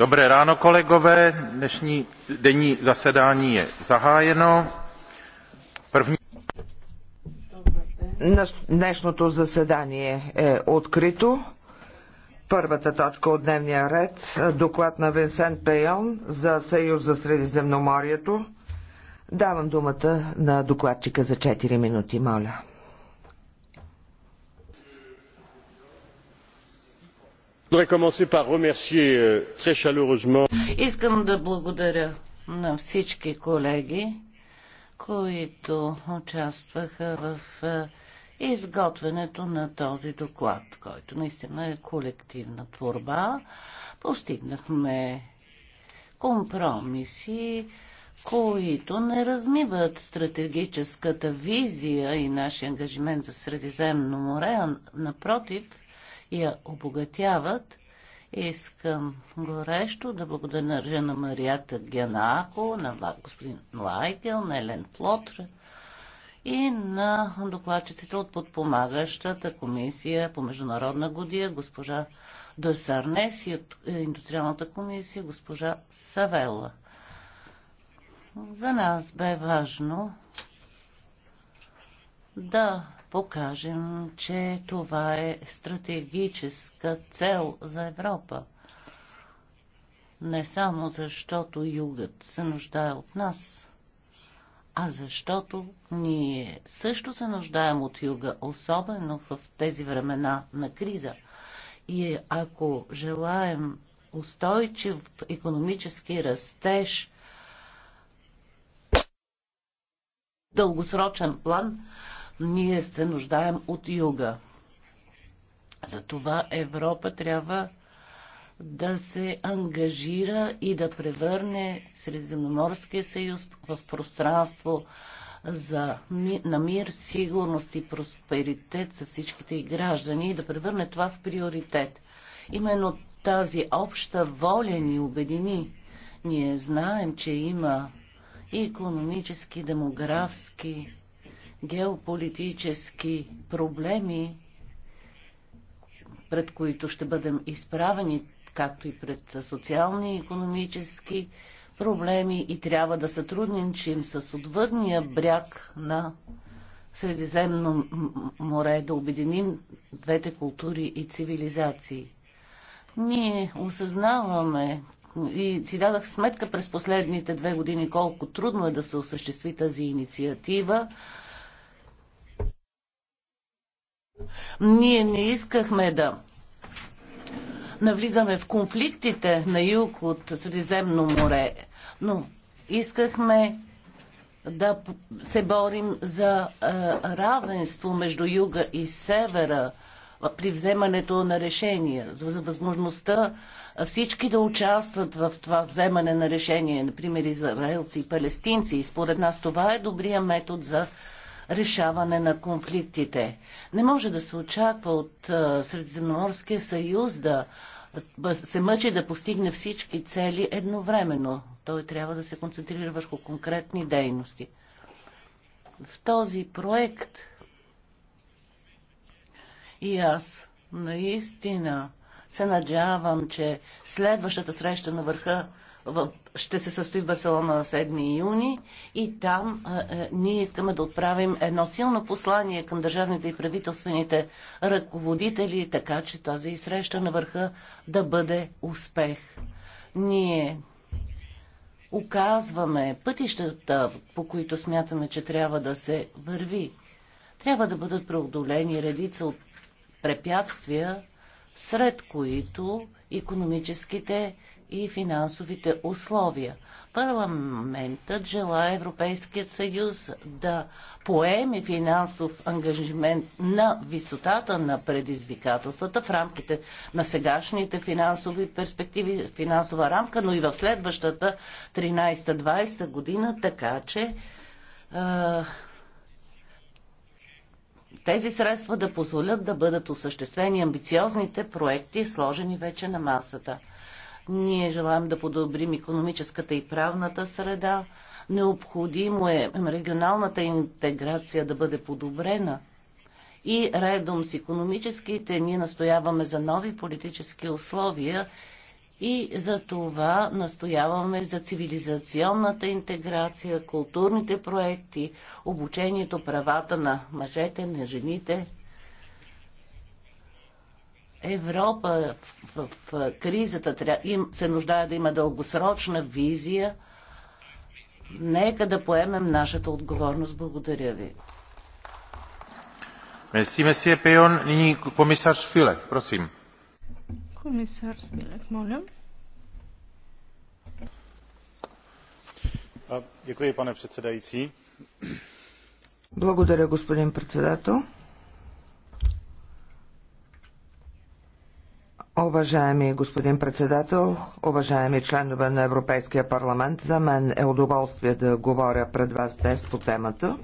Dobré ráno, kolegové. Dnešní denní zasedání je zahájeno. První... Днешното заседание е открито. Първата точка от дневния ред – доклад на Винсент Пейон за Съюз за Средиземноморието. Давам думата на докладчика за 4 минути, моля. Euh, Искам да благодаря на всички колеги, които участваха в е, изготвянето на този доклад, който наистина е колективна творба. Постигнахме компромиси, които не размиват стратегическата визия и нашия ангажимент за Средиземно море, а напротив – я обогатяват. Искам горещо да благодаря на Марията Генако, на господин Лайкел, на Елен Флотр и на докладчиците от подпомагащата комисия по Международна година, госпожа Досарнес и от Индустриалната комисия, госпожа Савела. За нас бе важно да покажем, че това е стратегическа цел за Европа. Не само защото югът се нуждае от нас, а защото ние също се нуждаем от юга, особено в тези времена на криза. И ако желаем устойчив економически растеж, дългосрочен план, ние се нуждаем от юга. Затова Европа трябва да се ангажира и да превърне Средиземноморския съюз в пространство за ми, на мир, сигурност и просперитет за всичките и граждани и да превърне това в приоритет. Именно тази обща воля ни обедини. Ние знаем, че има и економически, демографски геополитически проблеми, пред които ще бъдем изправени, както и пред социални и економически проблеми и трябва да сътрудничим с отвъдния бряг на Средиземно море, да обединим двете култури и цивилизации. Ние осъзнаваме и си дадах сметка през последните две години колко трудно е да се осъществи тази инициатива, ние не искахме да навлизаме в конфликтите на юг от Средиземно море, но искахме да се борим за равенство между юга и севера при вземането на решения, за възможността всички да участват в това вземане на решение, например израелци и палестинци. И според нас това е добрия метод за решаване на конфликтите. Не може да се очаква от Средиземноморския съюз да се мъчи да постигне всички цели едновременно. Той трябва да се концентрира върху конкретни дейности. В този проект и аз наистина се надявам, че следващата среща на върха ще се състои в Барселона на 7 юни и там а, ние искаме да отправим едно силно послание към държавните и правителствените ръководители, така че тази среща на върха да бъде успех. Ние оказваме пътищата, по които смятаме, че трябва да се върви. Трябва да бъдат преодолени редица от препятствия, сред които економическите и финансовите условия. Парламентът желая Европейският съюз да поеме финансов ангажимент на висотата на предизвикателствата в рамките на сегашните финансови перспективи, финансова рамка, но и в следващата 13-20 година, така че тези средства да позволят да бъдат осъществени амбициозните проекти, сложени вече на масата – ние желаем да подобрим економическата и правната среда. Необходимо е регионалната интеграция да бъде подобрена. И редом с економическите ние настояваме за нови политически условия и за това настояваме за цивилизационната интеграция, културните проекти, обучението, правата на мъжете, на жените, Европа в, в, в кризата тря... им се нуждае да има дългосрочна визия. Нека да поемем нашата отговорност. Благодаря ви. Мерси, меси Епион. Нини комисар Шфилек, просим. Комисар Шфилек, моля. Děkuji, pane předsedající. Благодаря, господин председател. Уважаеми господин председател, уважаеми членове на Европейския парламент, за мен е удоволствие да говоря пред вас днес по темата.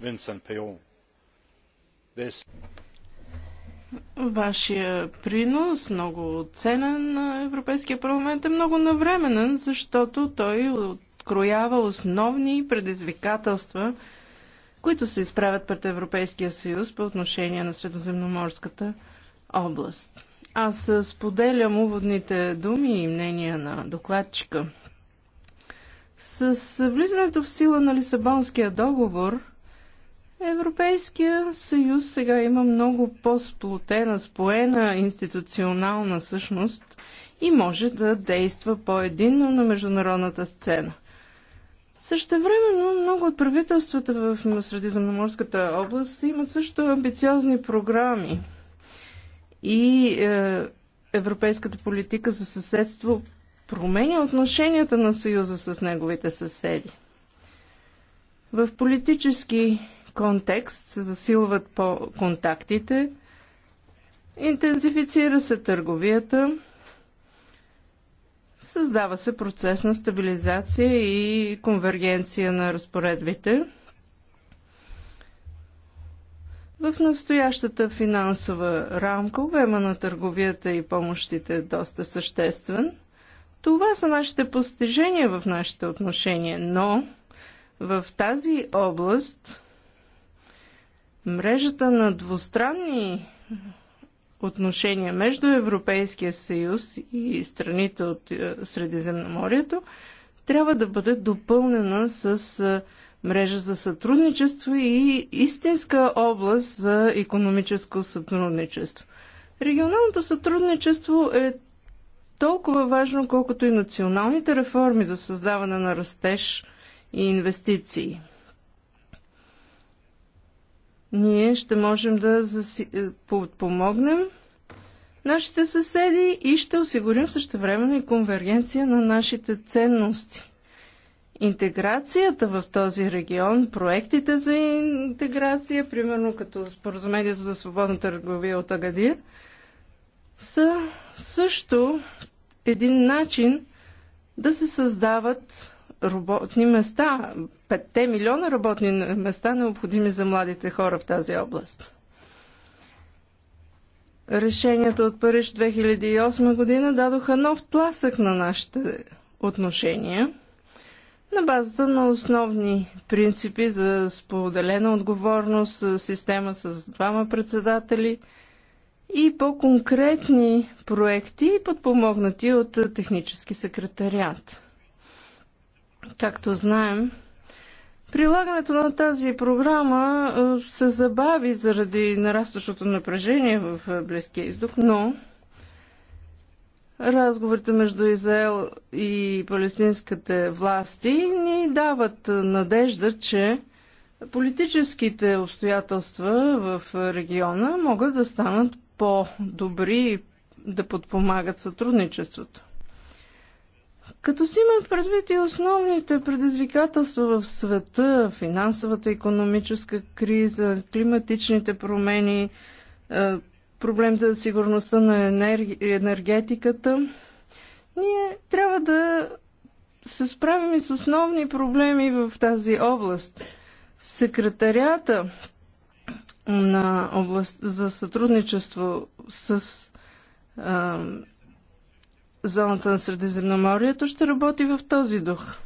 Вашия принос, много ценен на Европейския парламент, е много навременен, защото той откроява основни предизвикателства, които се изправят пред Европейския съюз по отношение на Средоземноморската област. Аз споделям уводните думи и мнения на докладчика. С влизането в сила на Лисабонския договор, Европейския съюз сега има много по-сплотена, споена институционална същност и може да действа по-единно на международната сцена. Същевременно много от правителствата в Средиземноморската област имат също амбициозни програми и е, европейската политика за съседство променя отношенията на Съюза с неговите съседи. В политически контекст се засилват по контактите, интензифицира се търговията, създава се процес на стабилизация и конвергенция на разпоредбите – в настоящата финансова рамка обема на търговията и помощите е доста съществен. Това са нашите постижения в нашите отношения, но в тази област мрежата на двустранни отношения между Европейския съюз и страните от е, Средиземноморието трябва да бъде допълнена с е, мрежа за сътрудничество и истинска област за економическо сътрудничество. Регионалното сътрудничество е толкова важно, колкото и националните реформи за създаване на растеж и инвестиции. Ние ще можем да заси... Е, подпомогнем нашите съседи и ще осигурим същевременно и конвергенция на нашите ценности – интеграцията в този регион, проектите за интеграция, примерно като споразумението за свободна търговия от Агадир, са също един начин да се създават работни места, 5 милиона работни места, необходими за младите хора в тази област. Решенията от Париж 2008 година дадоха нов тласък на нашите отношения – на базата на основни принципи за споделена отговорност, система с двама председатели и по-конкретни проекти, подпомогнати от технически секретариат. Както знаем, прилагането на тази програма е, се забави заради нарастващото напрежение в е, Близкия издух, но Разговорите между Израел и палестинските власти ни дават надежда, че политическите обстоятелства в региона могат да станат по-добри и да подпомагат сътрудничеството. Като си имат предвид и основните предизвикателства в света, финансовата, економическа криза, климатичните промени, е, проблемите за сигурността на енерги... енергетиката, ние трябва да се справим и с основни проблеми в тази област. Секретарията на област за сътрудничество с а, зоната на Средиземноморието ще работи в този дух.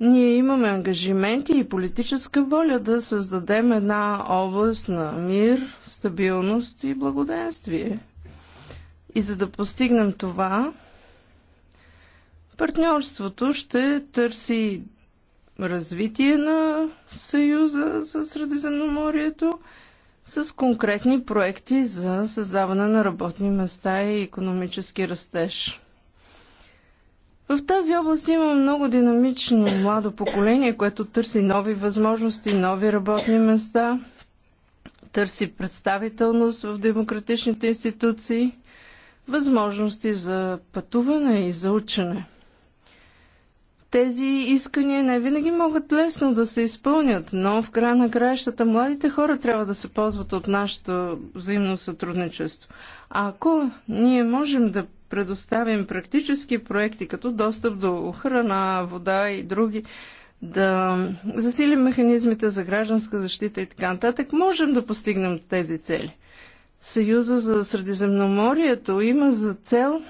Ние имаме ангажименти и политическа воля да създадем една област на мир, стабилност и благоденствие. И за да постигнем това, партньорството ще търси развитие на Съюза за Средиземноморието с конкретни проекти за създаване на работни места и економически растеж. В тази област има много динамично младо поколение, което търси нови възможности, нови работни места, търси представителност в демократичните институции, възможности за пътуване и за учене. Тези искания не винаги могат лесно да се изпълнят, но в края на краищата младите хора трябва да се ползват от нашето взаимно сътрудничество. А ако ние можем да предоставим практически проекти, като достъп до храна, вода и други, да засилим механизмите за гражданска защита и така нататък, можем да постигнем тези цели. Съюза за Средиземноморието има за цел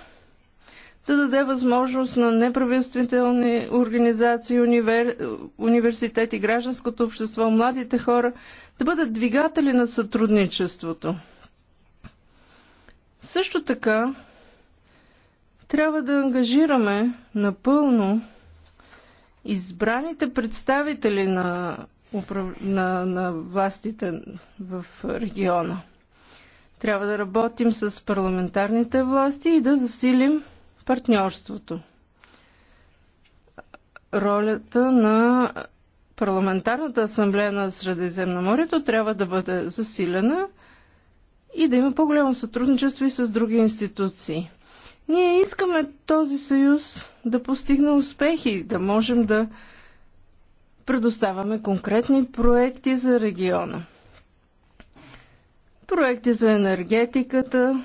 да даде възможност на неправителствени организации, универ... университети, гражданското общество, младите хора да бъдат двигатели на сътрудничеството. Също така, трябва да ангажираме напълно избраните представители на, на, на властите в региона. Трябва да работим с парламентарните власти и да засилим партньорството. Ролята на Парламентарната асамблея на Средиземноморието трябва да бъде засилена и да има по-голямо сътрудничество и с други институции. Ние искаме този съюз да постигне успехи, да можем да предоставяме конкретни проекти за региона. Проекти за енергетиката,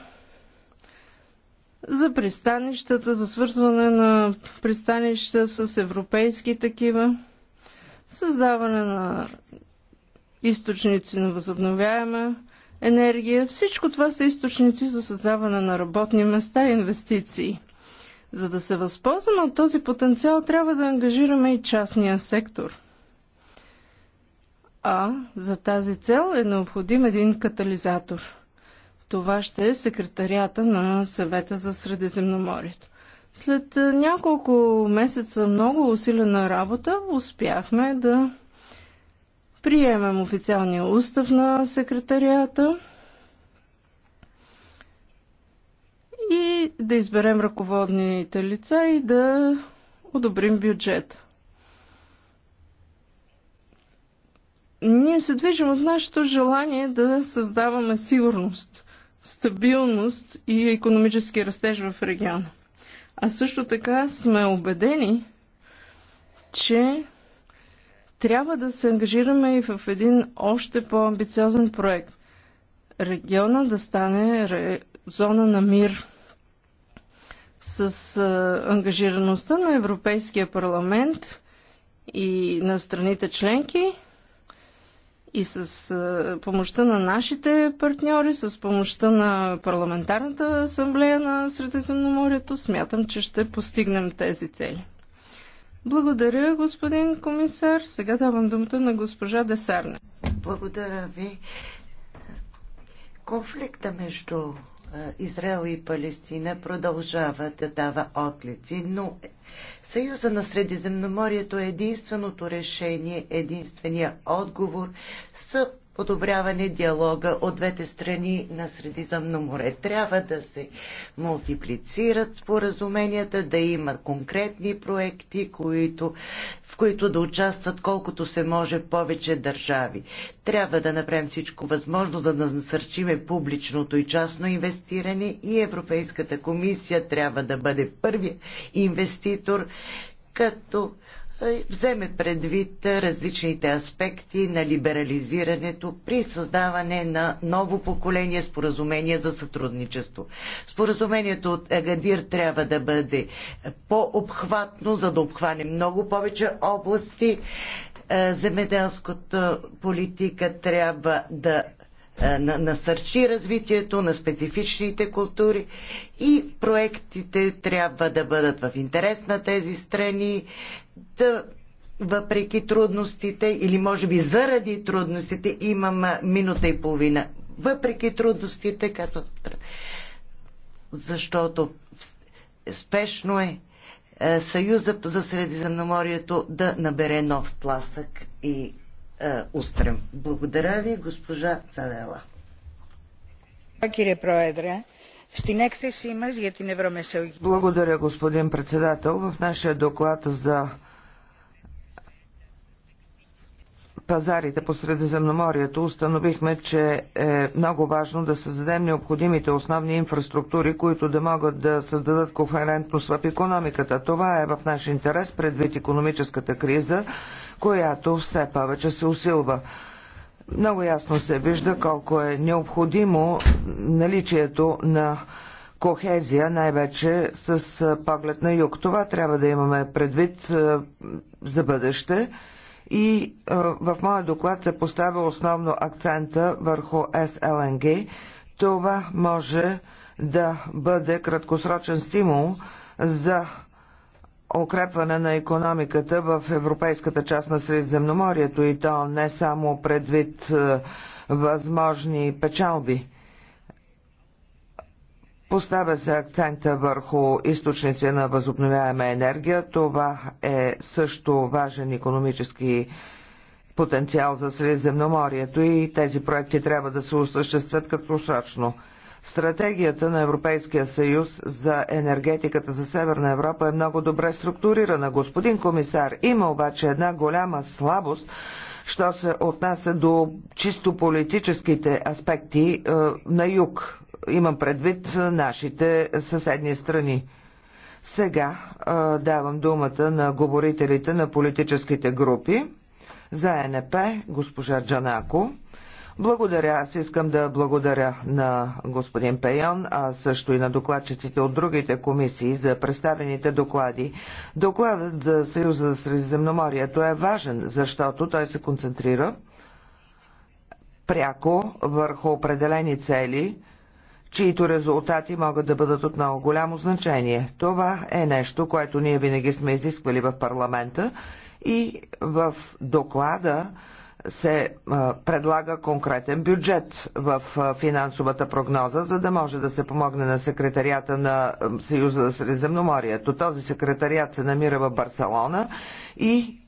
за пристанищата, за свързване на пристанища с европейски такива, създаване на източници на възобновяема енергия. Всичко това са източници за създаване на работни места и инвестиции. За да се възползваме от този потенциал, трябва да ангажираме и частния сектор. А за тази цел е необходим един катализатор. Това ще е секретарията на съвета за Средиземноморието. След няколко месеца много усилена работа успяхме да приемем официалния устав на секретарията и да изберем ръководните лица и да одобрим бюджет. Ние се движим от нашето желание да създаваме сигурност, стабилност и економически растеж в региона. А също така сме убедени, че трябва да се ангажираме и в един още по-амбициозен проект. Региона да стане ре... зона на мир. С а, ангажираността на Европейския парламент и на страните членки и с а, помощта на нашите партньори, с помощта на Парламентарната асамблея на Средиземноморието, смятам, че ще постигнем тези цели. Благодаря, господин комисар. Сега давам думата на госпожа Десарна. Благодаря ви. Конфликта между Израел и Палестина продължава да дава отлици, но Съюза на Средиземноморието е единственото решение, единствения отговор подобряване диалога от двете страни на Средиземно море. Трябва да се мултиплицират споразуменията, да има конкретни проекти, които, в които да участват колкото се може повече държави. Трябва да направим всичко възможно, за да насърчиме публичното и частно инвестиране и Европейската комисия трябва да бъде първият инвеститор, като вземе предвид различните аспекти на либерализирането при създаване на ново поколение споразумение за сътрудничество. Споразумението от Агадир трябва да бъде по-обхватно, за да обхване много повече области. Е, земеделската политика трябва да е, насърчи развитието на специфичните култури и проектите трябва да бъдат в интерес на тези страни, да въпреки трудностите или може би заради трудностите имам минута и половина. Въпреки трудностите, като... Защото спешно е, е Съюза за Средиземноморието да набере нов тласък и е, устрем. Благодаря ви, госпожа Цавела. Кире Проедре, благодаря, господин председател. В нашия доклад за пазарите по Средиземноморието установихме, че е много важно да създадем необходимите основни инфраструктури, които да могат да създадат кохерентност в економиката. Това е в наш интерес предвид економическата криза, която все повече се усилва много ясно се вижда колко е необходимо наличието на кохезия, най-вече с поглед на юг. Това трябва да имаме предвид за бъдеще. И в моя доклад се поставя основно акцента върху СЛНГ. Това може да бъде краткосрочен стимул за укрепване на економиката в европейската част на Средиземноморието и то не само предвид е, възможни печалби. Поставя се акцента върху източници на възобновяема енергия. Това е също важен економически потенциал за Средиземноморието и тези проекти трябва да се осъществят краткосрочно. срочно. Стратегията на Европейския съюз за енергетиката за Северна Европа е много добре структурирана. Господин комисар, има обаче една голяма слабост, що се отнася до чисто политическите аспекти е, на юг. Имам предвид е, нашите съседни страни. Сега е, давам думата на говорителите на политическите групи. За НП госпожа Джанако. Благодаря. Аз искам да благодаря на господин Пейон, а също и на докладчиците от другите комисии за представените доклади. Докладът за Съюза за Средиземноморието е важен, защото той се концентрира пряко върху определени цели, чието резултати могат да бъдат от много голямо значение. Това е нещо, което ние винаги сме изисквали в парламента и в доклада се предлага конкретен бюджет в финансовата прогноза, за да може да се помогне на секретарията на Съюза за Средиземноморието. Този секретарият се намира в Барселона и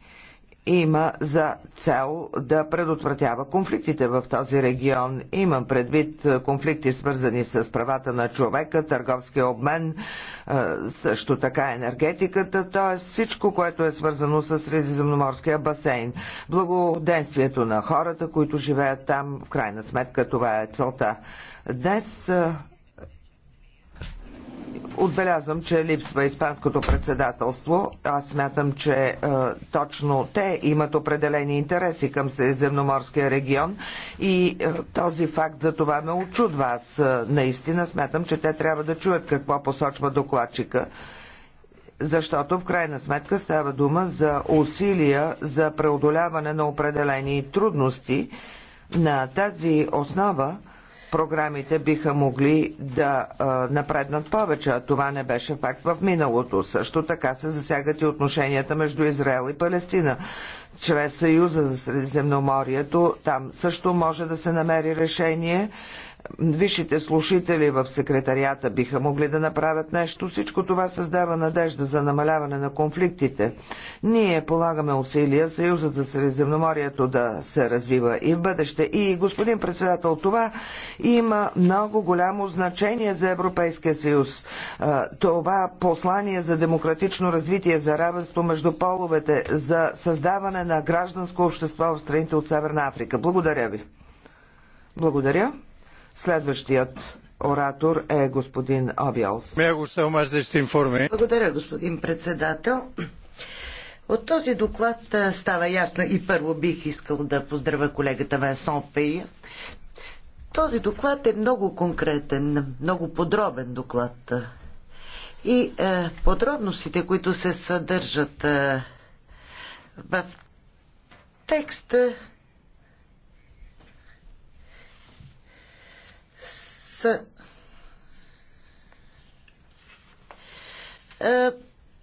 има за цел да предотвратява конфликтите в този регион. Имам предвид е, конфликти свързани с правата на човека, търговския обмен, е, също така енергетиката, т.е. всичко, което е свързано с Средиземноморския басейн. Благоденствието на хората, които живеят там, в крайна сметка това е целта. Днес е, Отбелязвам, че липсва Испанското председателство. Аз смятам, че е, точно те имат определени интереси към Средиземноморския регион и е, този факт за това ме очудва. Аз е, наистина смятам, че те трябва да чуят какво посочва докладчика защото в крайна сметка става дума за усилия за преодоляване на определени трудности. На тази основа програмите биха могли да напреднат повече, а това не беше факт в миналото. Също така се засягат и отношенията между Израел и Палестина. Чрез Съюза за Средиземноморието там също може да се намери решение. Висшите слушатели в секретарията биха могли да направят нещо. Всичко това създава надежда за намаляване на конфликтите. Ние полагаме усилия Съюзът за Средиземноморието да се развива и в бъдеще. И, господин председател, това има много голямо значение за Европейския съюз. Това послание за демократично развитие, за равенство между половете, за създаване на гражданско общество в страните от Северна Африка. Благодаря ви. Благодаря. Следващият оратор е господин Обиалс. Благодаря, господин председател. От този доклад става ясно и първо бих искал да поздравя колегата Венсон Пея. Този доклад е много конкретен, много подробен доклад. И е, подробностите, които се съдържат е, в текста, Е,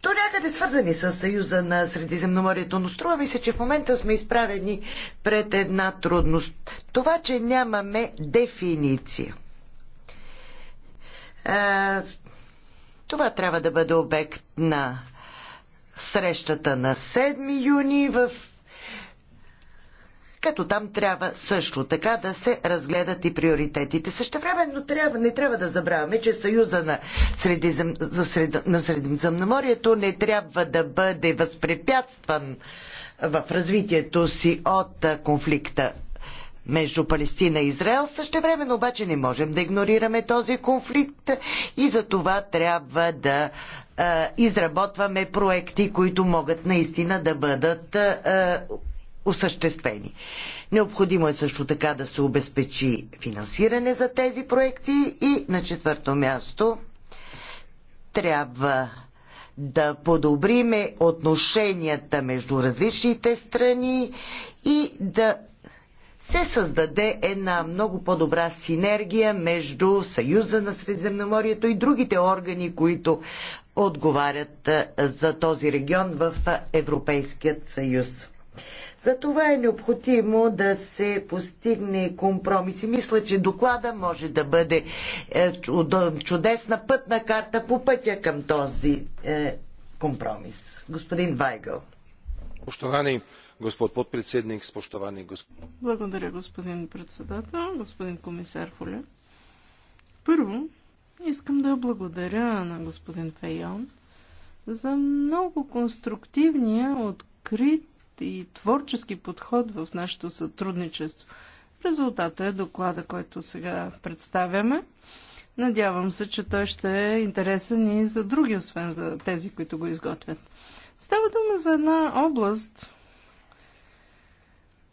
то някъде свързани с Съюза на Средиземноморието, но струва ми се, че в момента сме изправени пред една трудност. Това, че нямаме дефиниция. Е, това трябва да бъде обект на срещата на 7 юни в като там трябва също така да се разгледат и приоритетите. Същевременно трябва, не трябва да забравяме, че Съюза на, Средизем, Сред... на Средиземноморието не трябва да бъде възпрепятстван в развитието си от конфликта между Палестина и Израел. Същевременно обаче не можем да игнорираме този конфликт и за това трябва да а, изработваме проекти, които могат наистина да бъдат осъществени. Необходимо е също така да се обезпечи финансиране за тези проекти и на четвърто място трябва да подобриме отношенията между различните страни и да се създаде една много по-добра синергия между Съюза на Средиземноморието и другите органи, които отговарят за този регион в Европейският съюз. Затова е необходимо да се постигне компромис и мисля, че доклада може да бъде е, чудесна пътна карта по пътя към този е, компромис. Господин Вайгъл. Поштовани господ подпредседник, спощовани господин. Благодаря, господин председател, господин комисар Фоле. Първо, искам да благодаря на господин Фейон за много конструктивния, открит и творчески подход в нашето сътрудничество. Резултата е доклада, който сега представяме. Надявам се, че той ще е интересен и за други, освен за тези, които го изготвят. Става дума за една област,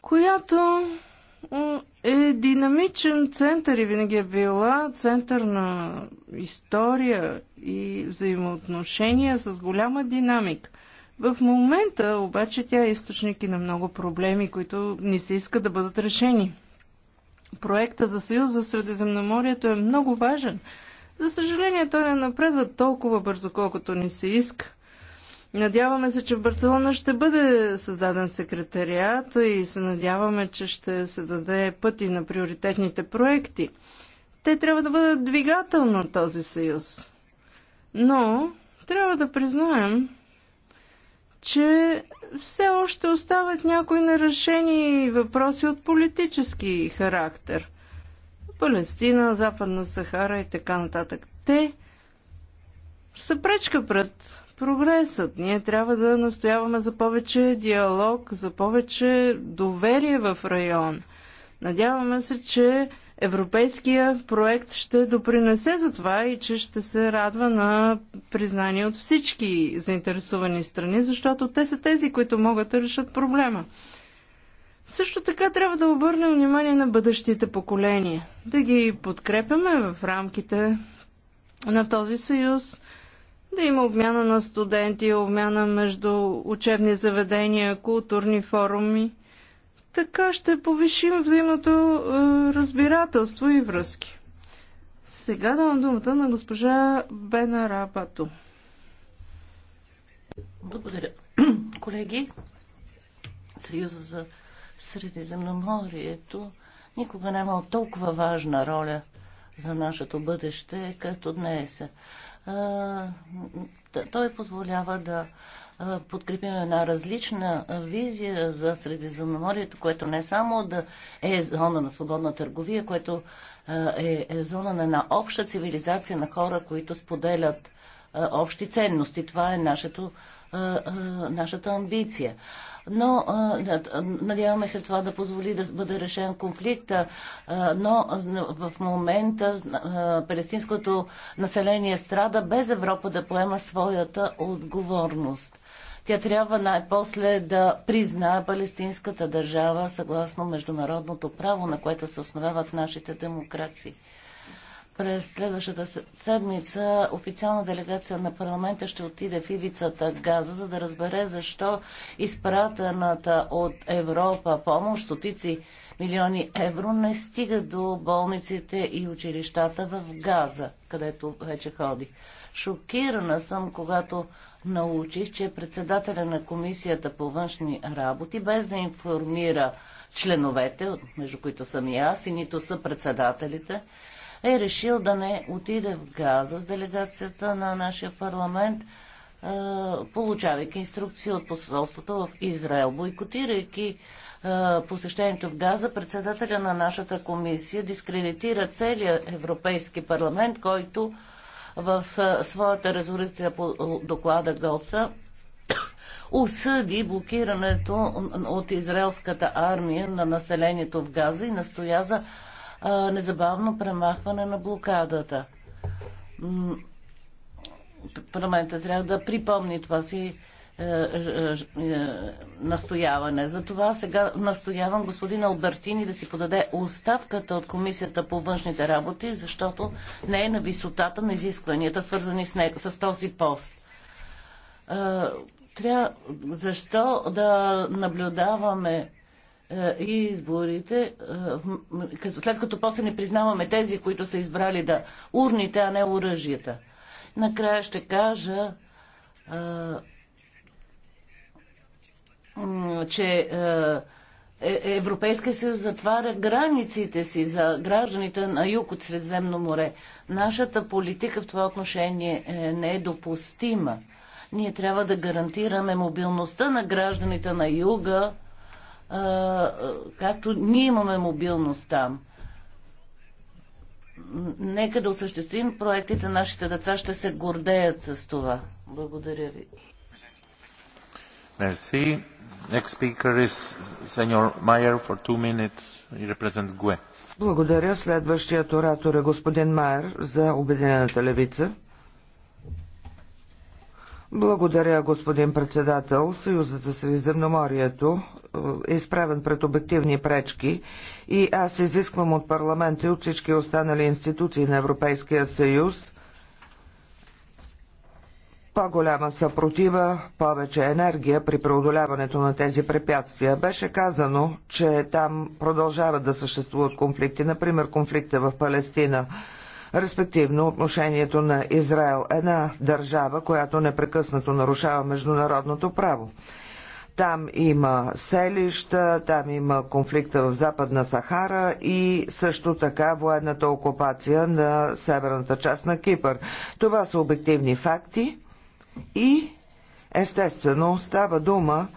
която е динамичен център и винаги е била център на история и взаимоотношения с голяма динамика. В момента обаче тя е източник и на много проблеми, които не се иска да бъдат решени. Проекта за Съюз за Средиземноморието е много важен. За съжаление, той не напредва толкова бързо, колкото ни се иска. Надяваме се, че в Барселона ще бъде създаден секретариат и се надяваме, че ще се даде пъти на приоритетните проекти. Те трябва да бъдат двигател на този съюз. Но трябва да признаем, че все още остават някои нарешени въпроси от политически характер. Палестина, Западна Сахара и така нататък. Те са пречка пред прогресът. Ние трябва да настояваме за повече диалог, за повече доверие в район. Надяваме се, че европейския проект ще допринесе за това и че ще се радва на признание от всички заинтересовани страни, защото те са тези, които могат да решат проблема. Също така трябва да обърнем внимание на бъдещите поколения, да ги подкрепяме в рамките на този съюз, да има обмяна на студенти, обмяна между учебни заведения, културни форуми. Така ще повишим взаимното е, разбирателство и връзки. Сега давам думата на госпожа Бена Рапато. Благодаря. Колеги, Съюза за Средиземноморието никога не имал толкова важна роля за нашето бъдеще, като днес. Е, той позволява да подкрепим една различна визия за Средиземноморието, което не само да е зона на свободна търговия, което е, е зона на една обща цивилизация на хора, които споделят общи ценности. Това е нашето, нашата амбиция но надяваме се това да позволи да бъде решен конфликта, но в момента палестинското население страда без Европа да поема своята отговорност. Тя трябва най-после да признае палестинската държава съгласно международното право, на което се основават нашите демокрации. През следващата седмица официална делегация на парламента ще отиде в ивицата Газа, за да разбере защо изпратената от Европа помощ, стотици милиони евро, не стига до болниците и училищата в Газа, където вече ходих. Шокирана съм, когато научих, че председателя на комисията по външни работи, без да информира членовете, между които съм и аз, и нито са председателите, е решил да не отиде в Газа с делегацията на нашия парламент, получавайки инструкции от посолството в Израел, бойкотирайки посещението в Газа, председателя на нашата комисия дискредитира целият Европейски парламент, който в своята резолюция по доклада Гоца осъди блокирането от израелската армия на населението в Газа и настоя за незабавно премахване на блокадата. Парламентът трябва да припомни това си е, е, е, настояване. Затова сега настоявам господин Албертини да си подаде оставката от Комисията по външните работи, защото не е на висотата на изискванията, свързани с, не, с този пост. Трябва, защо да наблюдаваме и изборите, след като после не признаваме тези, които са избрали да урните, а не оръжията. Накрая ще кажа, че е, е, Европейския съюз затваря границите си за гражданите на юг от Средземно море. Нашата политика в това отношение е, не е допустима. Ние трябва да гарантираме мобилността на гражданите на юга, както ние имаме мобилност там. Нека да осъществим проектите, нашите деца ще се гордеят с това. Благодаря ви. Мерси. Благодаря. Следващият оратор е господин Майер за Обединената левица. Благодаря, господин председател. Съюзът за Средиземноморието е изправен пред обективни пречки и аз изисквам от парламента и от всички останали институции на Европейския съюз по-голяма съпротива, повече енергия при преодоляването на тези препятствия. Беше казано, че там продължават да съществуват конфликти, например конфликта в Палестина, респективно отношението на Израел, една държава, която непрекъснато нарушава международното право. Там има селища, там има конфликта в Западна Сахара и също така военната окупация на северната част на Кипър. Това са обективни факти и естествено става дума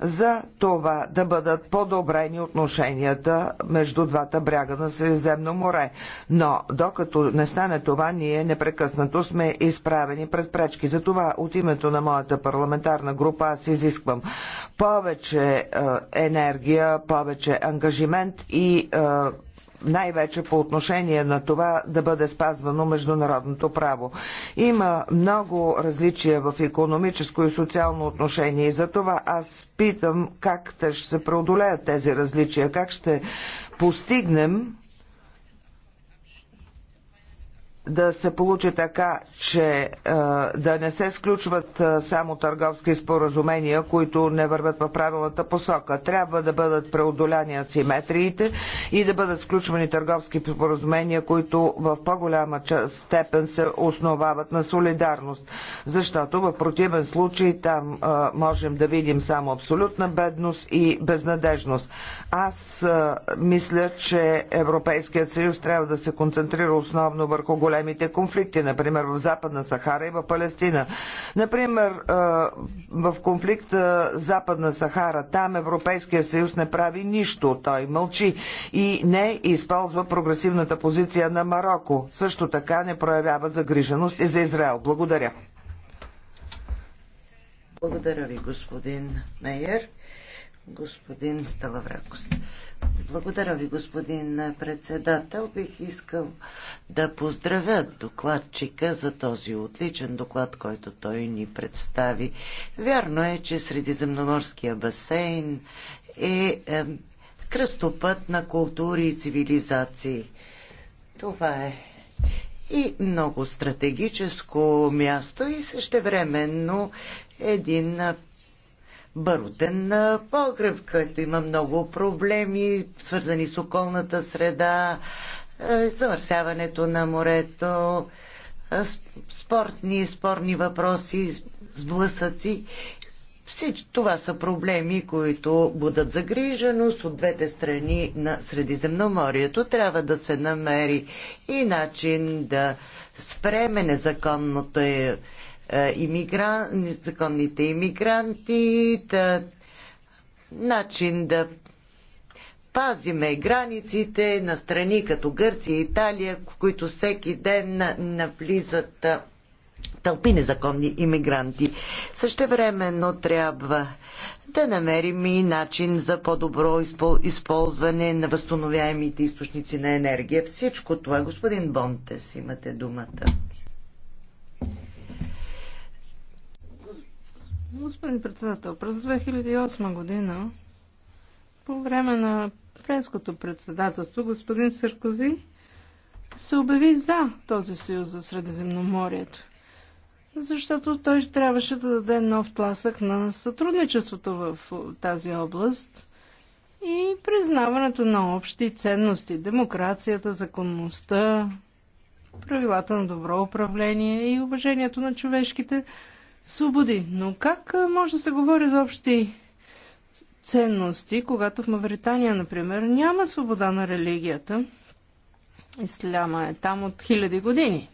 за това да бъдат подобрени отношенията между двата бряга на Средиземно море. Но докато не стане това, ние непрекъснато сме изправени пред пречки. Затова от името на моята парламентарна група аз изисквам повече е, енергия, повече ангажимент и е, най-вече по отношение на това да бъде спазвано международното право. Има много различия в економическо и социално отношение и за това аз питам как те ще се преодолеят тези различия, как ще постигнем да се получи така, че е, да не се сключват е, само търговски споразумения, които не върват в правилната посока. Трябва да бъдат преодоляни асиметриите и да бъдат сключвани търговски споразумения, които в по-голяма степен се основават на солидарност. Защото в противен случай там е, можем да видим само абсолютна бедност и безнадежност. Аз мисля, че Европейският съюз трябва да се концентрира основно върху голям големите конфликти, например в Западна Сахара и в Палестина. Например, в конфликт Западна Сахара, там Европейския съюз не прави нищо, той мълчи и не използва прогресивната позиция на Марокко. Също така не проявява загриженост и за Израел. Благодаря. Благодаря ви, господин Мейер. Господин Сталаврекос. Благодаря ви, господин председател. Бих искал да поздравя докладчика за този отличен доклад, който той ни представи. Вярно е, че Средиземноморския басейн е, е кръстопът на култури и цивилизации. Това е и много стратегическо място и същевременно един барутен погреб, който има много проблеми, свързани с околната среда, замърсяването на морето, спортни, спорни въпроси, сблъсъци. Всичко това са проблеми, които будат загриженост от двете страни на Средиземноморието. Трябва да се намери и начин да спреме незаконното е. Е, иммигран, незаконните иммигранти, да, начин да пазиме границите на страни като Гърция и Италия, които всеки ден навлизат е, тълпи незаконни иммигранти. Същевременно трябва да намерим и начин за по-добро използване на възстановяемите източници на енергия. Всичко това, господин Бонтес, имате думата. Господин председател, през 2008 година по време на френското председателство господин Саркози се обяви за този съюз за Средиземноморието, защото той трябваше да даде нов тласък на сътрудничеството в тази област и признаването на общи ценности, демокрацията, законността, правилата на добро управление и уважението на човешките свободи. Но как може да се говори за общи ценности, когато в Мавритания, например, няма свобода на религията? Исляма е там от хиляди години.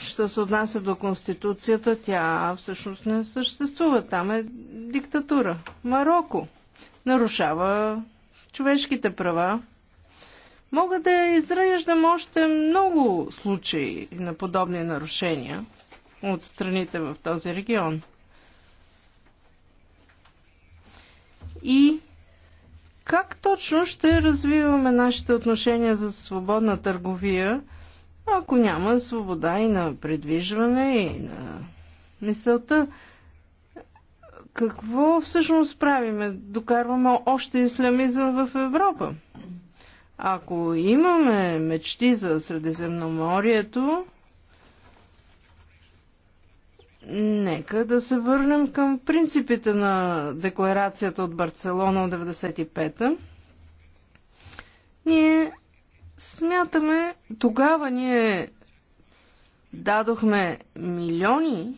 Що се отнася до Конституцията, тя всъщност не съществува. Там е диктатура. Марокко нарушава човешките права. Мога да изреждам още много случаи на подобни нарушения от страните в този регион. И как точно ще развиваме нашите отношения за свободна търговия, ако няма свобода и на предвижване, и на мисълта? Какво всъщност правиме? Докарваме още ислямизъм в Европа. Ако имаме мечти за Средиземноморието, нека да се върнем към принципите на декларацията от Барселона от 95-та. Ние смятаме, тогава ние дадохме милиони,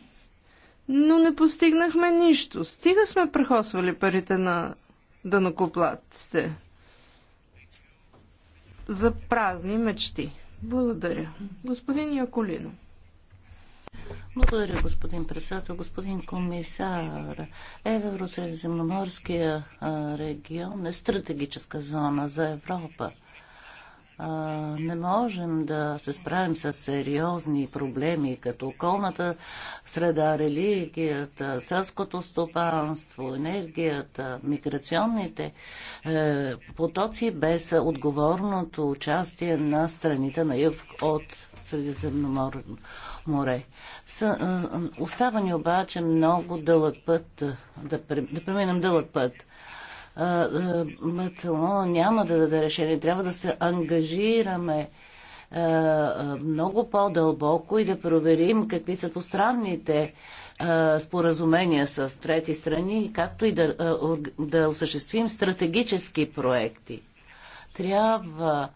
но не постигнахме нищо. Стига сме прехосвали парите на дънокоплатците. Да за празни мечти. Благодаря. Господин Яколино. Благодаря, господин председател. Господин комисар, Евросредиземноморския регион е стратегическа зона за Европа не можем да се справим с сериозни проблеми, като околната среда, религията, селското стопанство, енергията, миграционните е, потоци без отговорното участие на страните на юг от Средиземно море. остава ни обаче много дълъг път, да, да преминем дълъг път. Барселона няма да даде решение. Трябва да се ангажираме много по-дълбоко и да проверим какви са постранните споразумения с трети страни, както и да, да осъществим стратегически проекти. Трябва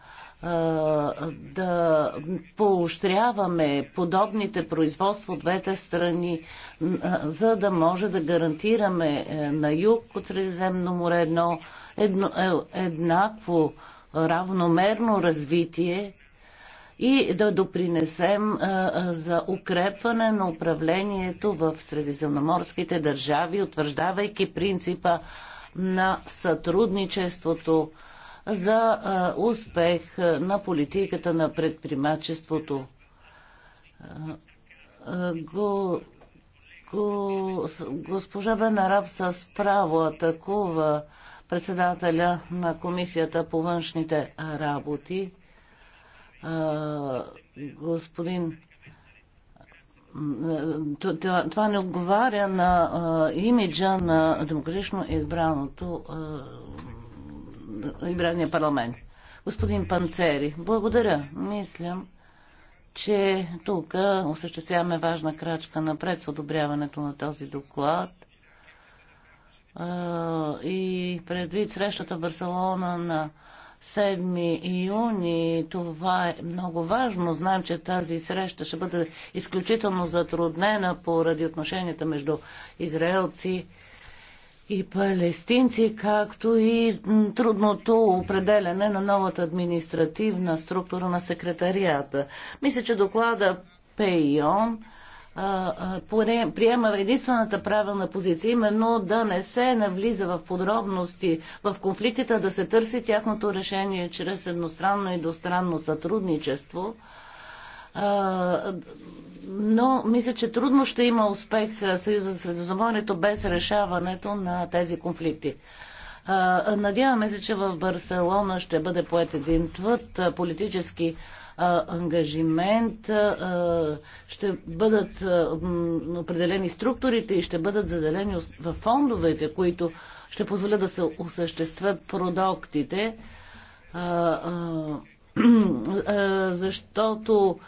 да поощряваме подобните производства от двете страни, за да може да гарантираме е, на юг от Средиземно море едно, едно е, еднакво равномерно развитие и да допринесем е, за укрепване на управлението в средиземноморските държави, утвърждавайки принципа на сътрудничеството за успех на политиката на предприемачеството. Го, го, госпожа Бенараб с право атакува председателя на Комисията по външните работи, господин това не отговаря на имиджа на демократично избраното избрания парламент. Господин Панцери, благодаря. Мисля, че тук осъществяваме важна крачка напред с одобряването на този доклад. И предвид срещата в Барселона на 7 июни, това е много важно. Знаем, че тази среща ще бъде изключително затруднена поради отношенията между израелци и палестинци, както и трудното определене на новата административна структура на секретарията. Мисля, че доклада Пейон приема единствената правилна позиция, именно да не се навлиза в подробности в конфликтите, да се търси тяхното решение чрез едностранно и достранно сътрудничество но мисля, че трудно ще има успех Съюза за Средозаморието без решаването на тези конфликти. Надяваме се, че в Барселона ще бъде поет един твърд политически ангажимент, ще бъдат определени структурите и ще бъдат заделени в фондовете, които ще позволят да се осъществят продуктите, защото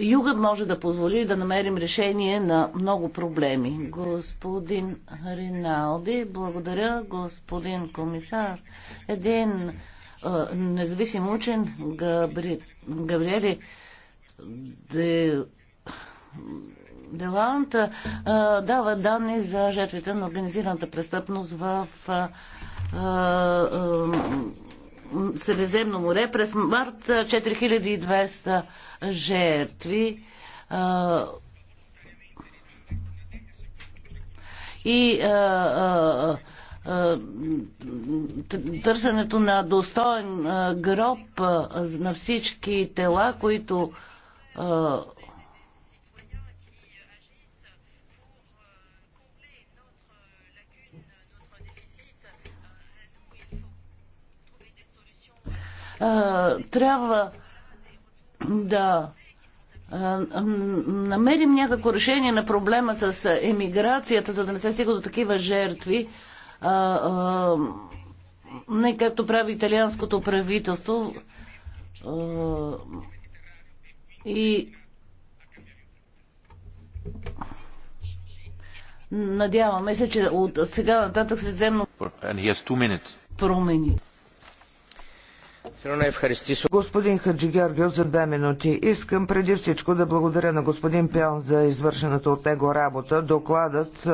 югът може да позволи да намерим решение на много проблеми. Господин Риналди, благодаря, господин комисар. Един независим учен, Габри... Габриели Де... Деланта, дава данни за жертвите на организираната престъпност в Средиземно море. През март 4200 жертви. И търсенето на достоен гроб на всички тела, които трябва да намерим някакво решение на проблема с емиграцията, за да не се стига до такива жертви, не както прави италианското правителство. И надяваме се, че от сега нататък се Средиземно промени. Господин Хаджи Георгио, за две минути. Искам преди всичко да благодаря на господин Пян за извършената от него работа. Докладът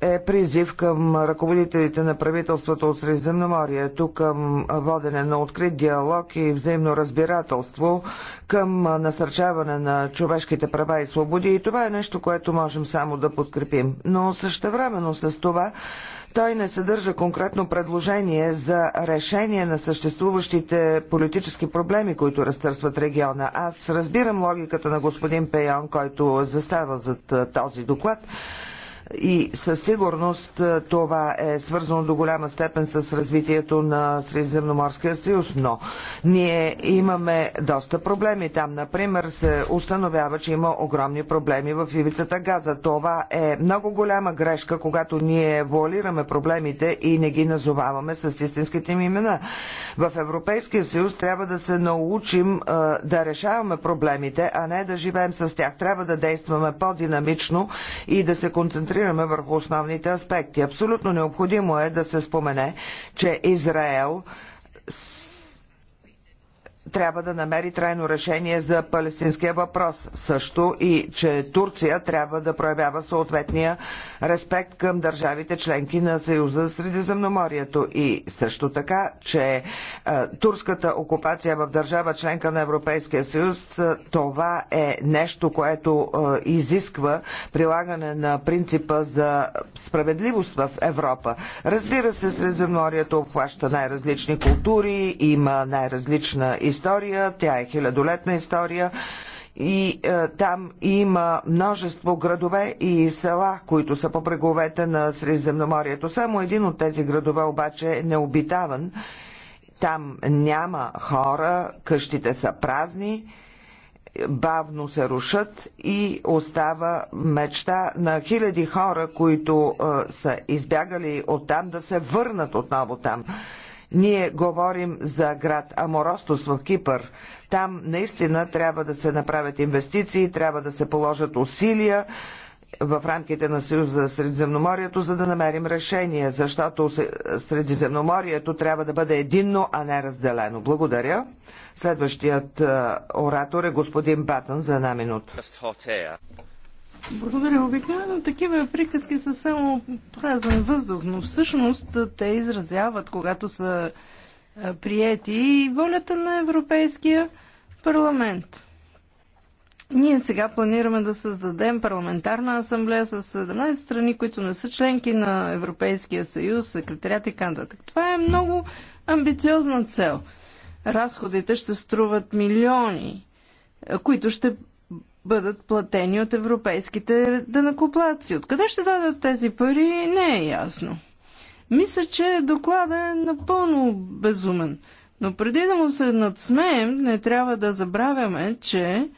е призив към ръководителите на правителството от Средиземноморието към водене на открит диалог и взаимно разбирателство, към насърчаване на човешките права и свободи. И това е нещо, което можем само да подкрепим. Но същевременно с това той не съдържа конкретно предложение за решение на съществуващите политически проблеми, които разтърсват региона. Аз разбирам логиката на господин Пейон, който застава зад този доклад, и със сигурност това е свързано до голяма степен с развитието на Средиземноморския съюз, но ние имаме доста проблеми там. Например, се установява, че има огромни проблеми в ивицата Газа. Това е много голяма грешка, когато ние вуалираме проблемите и не ги назоваваме с истинските им имена. В Европейския съюз трябва да се научим да решаваме проблемите, а не да живеем с тях. Трябва да действаме по-динамично и да се концентрираме концентрираме върху основните аспекти. Абсолютно необходимо е да се спомене, че Израел трябва да намери трайно решение за палестинския въпрос. Също и, че Турция трябва да проявява съответния респект към държавите членки на Съюза Средиземноморието. И също така, че е, турската окупация в държава членка на Европейския съюз, е, това е нещо, което е, изисква прилагане на принципа за справедливост в Европа. Разбира се, Средиземноморието обхваща най-различни култури, има най-различна история история, тя е хилядолетна история и е, там има множество градове и села, които са по бреговете на Средиземноморието. Само един от тези градове обаче е необитаван. Там няма хора, къщите са празни, бавно се рушат и остава мечта на хиляди хора, които е, са избягали от там да се върнат отново там. Ние говорим за град Аморостос в Кипър. Там наистина трябва да се направят инвестиции, трябва да се положат усилия в рамките на Съюза за Средиземноморието, за да намерим решение, защото Средиземноморието трябва да бъде единно, а не разделено. Благодаря. Следващият е, оратор е господин Батън за една минута. Благодаря. Обикновено такива приказки са само празен въздух, но всъщност те изразяват, когато са приети и волята на Европейския парламент. Ние сега планираме да създадем парламентарна асамблея с 17 страни, които не са членки на Европейския съюз, секретарят и кандидатък. Това е много амбициозна цел. Разходите ще струват милиони, които ще бъдат платени от европейските дънакоплаци. Откъде ще дадат тези пари, не е ясно. Мисля, че доклада е напълно безумен. Но преди да му се надсмеем, не трябва да забравяме, че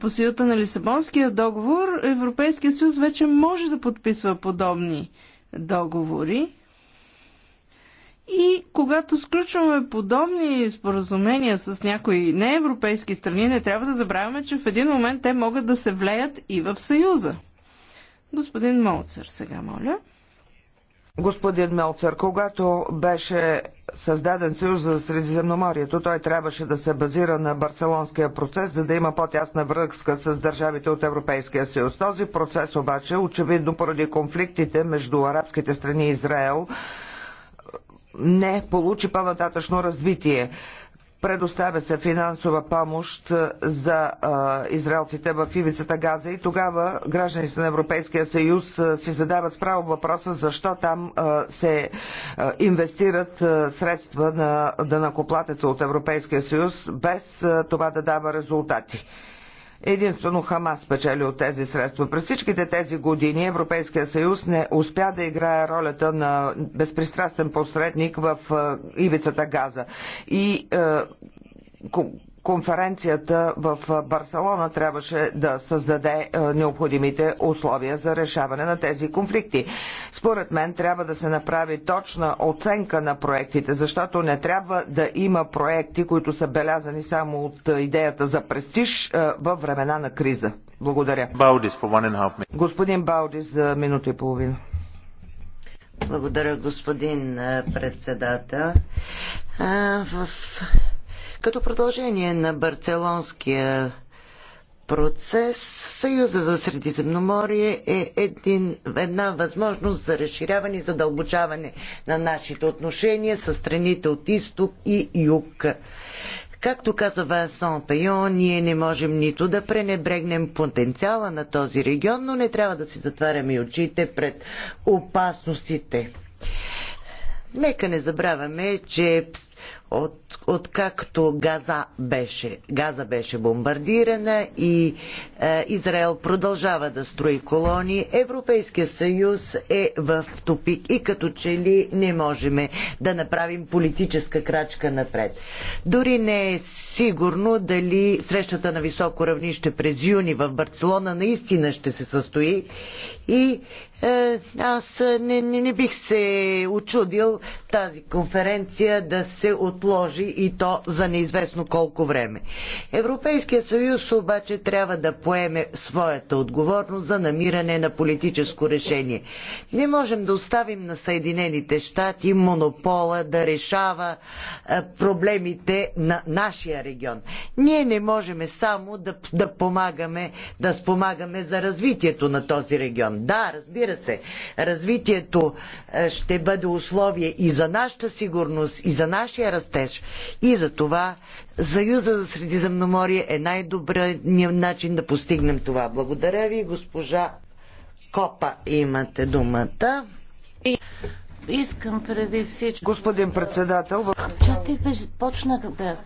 по силата на Лисабонския договор Европейския съюз вече може да подписва подобни договори и когато сключваме подобни споразумения с някои неевропейски страни, не трябва да забравяме, че в един момент те могат да се влеят и в Съюза. Господин Молцер, сега моля. Господин Мелцер, когато беше създаден съюз за Средиземноморието, той трябваше да се базира на барселонския процес, за да има по-тясна връзка с държавите от Европейския съюз. Този процес обаче, очевидно поради конфликтите между арабските страни и Израел, не получи по-нататъчно развитие. Предоставя се финансова помощ за а, израелците в ивицата Газа и тогава гражданите на Европейския съюз а, си задават справо въпроса защо там а, се а, инвестират а, средства на дънакоплатеца от Европейския съюз без а, това да дава резултати. Единствено Хамас печели от тези средства. През всичките тези години Европейския съюз не успя да играе ролята на безпристрастен посредник в е, ивицата Газа. И е, конференцията в Барселона трябваше да създаде е, необходимите условия за решаване на тези конфликти. Според мен трябва да се направи точна оценка на проектите, защото не трябва да има проекти, които са белязани само от е, идеята за престиж е, във времена на криза. Благодаря. Баудис, Господин Баудис за минута и половина. Благодаря, господин председател. А, в като продължение на Барцелонския процес, Съюза за Средиземноморие е един, една възможност за разширяване и задълбочаване на нашите отношения с страните от изток и юг. Както каза Вансон Пейон, ние не можем нито да пренебрегнем потенциала на този регион, но не трябва да си затваряме и очите пред опасностите. Нека не забравяме, че от, откакто Газа беше, Газа беше бомбардирана и е, Израел продължава да строи колони, Европейския съюз е в тупик и като че ли не можем да направим политическа крачка напред. Дори не е сигурно дали срещата на високо равнище през юни в Барселона наистина ще се състои и е, аз не, не, не бих се очудил тази конференция да се отложи и то за неизвестно колко време. Европейският съюз обаче трябва да поеме своята отговорност за намиране на политическо решение. Не можем да оставим на Съединените щати монопола да решава е, проблемите на нашия регион. Ние не можем само да, да помагаме, да спомагаме за развитието на този регион. Да, разбира Разбира се, развитието е, ще бъде условие и за нашата сигурност, и за нашия растеж. И за това Съюза за Средиземноморие е най-добрият начин да постигнем това. Благодаря ви, госпожа Копа, имате думата. Искам преди всичко... Господин председател... Чакай, почнах да...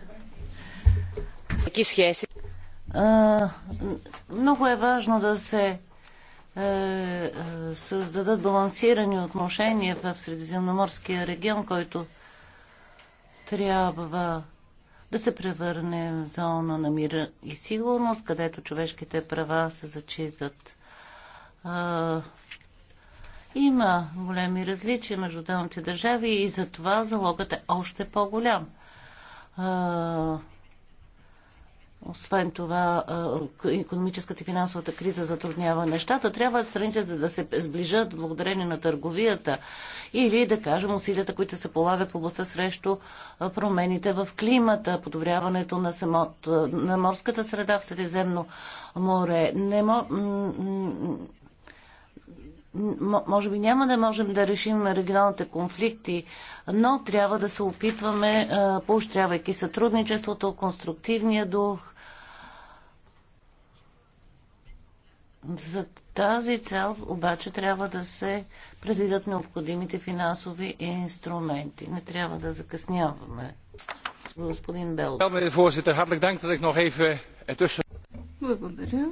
Какви схеси? Много е важно да се е, е, създадат балансирани отношения в Средиземноморския регион, който трябва да се превърне в зона на мира и сигурност, където човешките права се зачитат. Е, има големи различия между отделните държави и затова залогът е още по-голям. Освен това, е, економическата и финансовата криза затруднява нещата. Трябва страните да се сближат благодарение на търговията или, да кажем, усилията, които се полагат в областта срещу е, промените в климата, подобряването на, самот, е, на морската среда в Средиземно море. Не мо... Може би няма да можем да решим регионалните конфликти, но трябва да се опитваме, поощрявайки сътрудничеството, конструктивния дух, За тази цел обаче трябва да се предвидят необходимите финансови инструменти. Не трябва да закъсняваме. Господин Бел. Благодаря.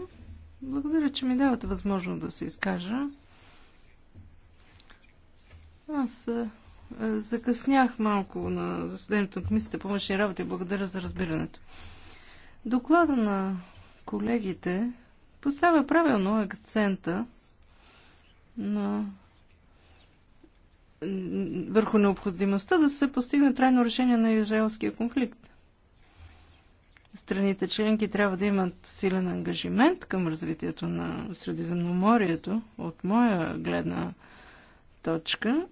Благодаря, че ми давате възможност да се изкажа. Аз е, е, закъснях малко на заседанието на Комисията по външни работи. Благодаря за разбирането. Доклада на колегите поставя правилно акцента на върху необходимостта да се постигне трайно решение на израелския конфликт. Страните членки трябва да имат силен ангажимент към развитието на Средиземноморието, от моя гледна точка,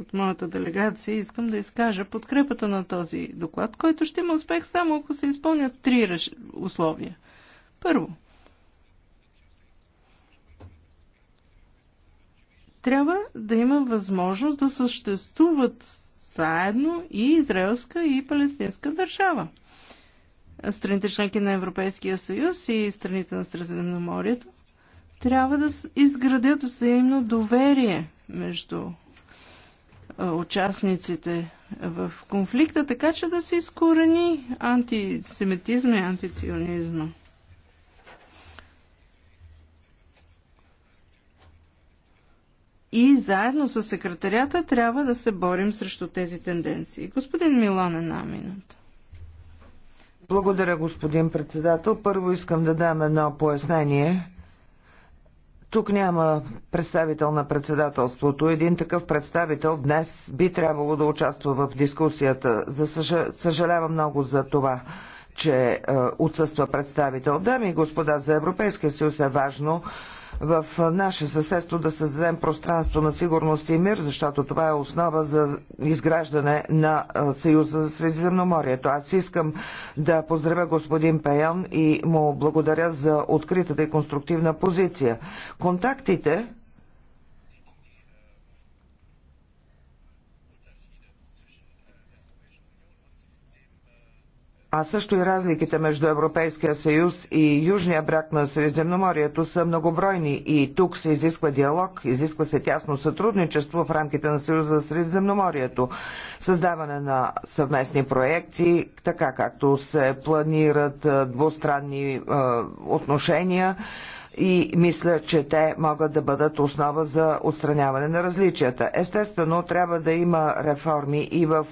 от моята делегация, искам да изкажа подкрепата на този доклад, който ще има успех само ако се изпълнят три условия – първо, трябва да има възможност да съществуват заедно и израелска и палестинска държава. Страните членки на Европейския съюз и страните на Средиземноморието трябва да изградят взаимно доверие между участниците в конфликта, така че да се изкорени антисемитизма и антиционизма. и заедно с секретарията трябва да се борим срещу тези тенденции. Господин Милан е на минута. Благодаря, господин председател. Първо искам да дам едно пояснение. Тук няма представител на председателството. Един такъв представител днес би трябвало да участва в дискусията. За съжалявам много за това че е, отсъства представител. Дами и господа, за Европейския съюз е важно в наше съседство да създадем пространство на сигурност и мир, защото това е основа за изграждане на Съюза за Средиземноморието. Аз искам да поздравя господин Пеян и му благодаря за откритата и конструктивна позиция. Контактите а също и разликите между Европейския съюз и южния бряг на Средиземноморието са многобройни и тук се изисква диалог, изисква се тясно сътрудничество в рамките на Съюза за Средиземноморието, създаване на съвместни проекти, така както се планират двустранни е, отношения, и мисля, че те могат да бъдат основа за отстраняване на различията. Естествено, трябва да има реформи и в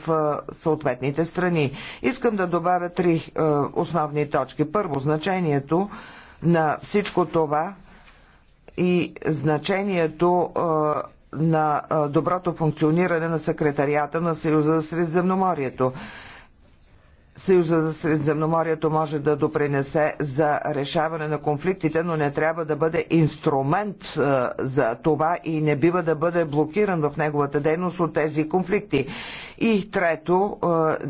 съответните страни. Искам да добавя три основни точки. Първо, значението на всичко това и значението на доброто функциониране на секретарията на Съюза за Средиземноморието. Съюза за Средиземноморието може да допринесе за решаване на конфликтите, но не трябва да бъде инструмент е, за това и не бива да бъде блокиран в неговата дейност от тези конфликти. И трето, е,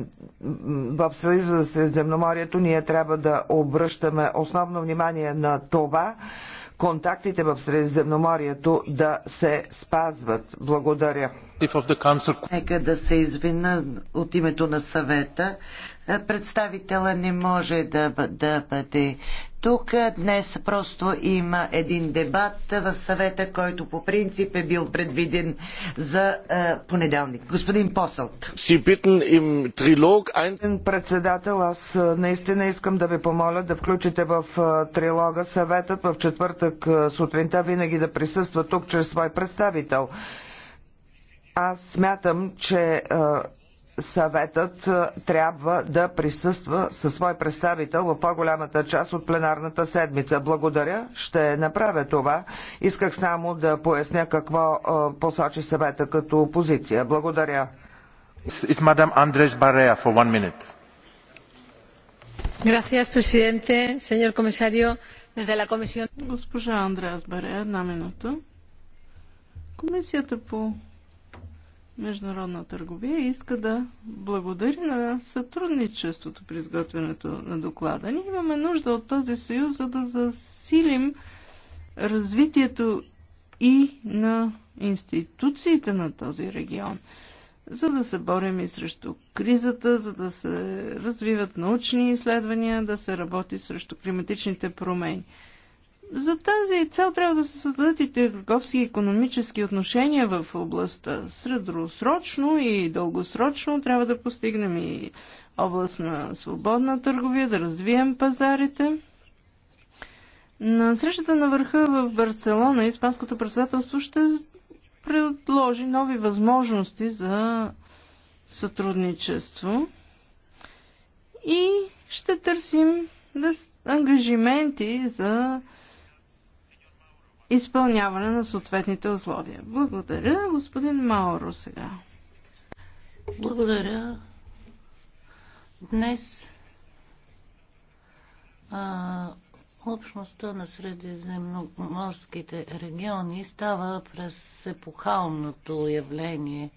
в Съюза за Средиземноморието ние трябва да обръщаме основно внимание на това, контактите в Средиземноморието да се спазват. Благодаря. Нека да се извина от името на съвета представителя не може да, да бъде тук. Днес просто има един дебат в съвета, който по принцип е бил предвиден за е, понеделник. Господин Посълт. Председател, аз е, наистина искам да ви помоля да включите в е, трилога съветът в четвъртък сутринта винаги да присъства тук чрез свой представител. Аз смятам, че съветът е, трябва да присъства със свой представител в по-голямата част от пленарната седмица. Благодаря, ще направя това. Исках само да поясня какво е, посочи съвета като позиция. Благодаря. Is Madame Andres Barrea for one minute. Gracias, presidente, señor comisario. Desde la comisión... Госпожа Андреас Барея, една минута. Комисията по международна търговия иска да благодари на сътрудничеството при изготвянето на доклада. Ние имаме нужда от този съюз, за да засилим развитието и на институциите на този регион, за да се борим и срещу кризата, за да се развиват научни изследвания, да се работи срещу климатичните промени. За тази цел трябва да се създадат и търговски и економически отношения в областта. Средосрочно и дългосрочно трябва да постигнем и област на свободна търговия, да развием пазарите. На срещата на върха в Барселона Испанското председателство ще предложи нови възможности за сътрудничество и ще търсим да ангажименти за изпълняване на съответните условия. Благодаря, господин Маоро, сега. Благодаря. Днес а, общността на средиземноморските региони става през епохалното явление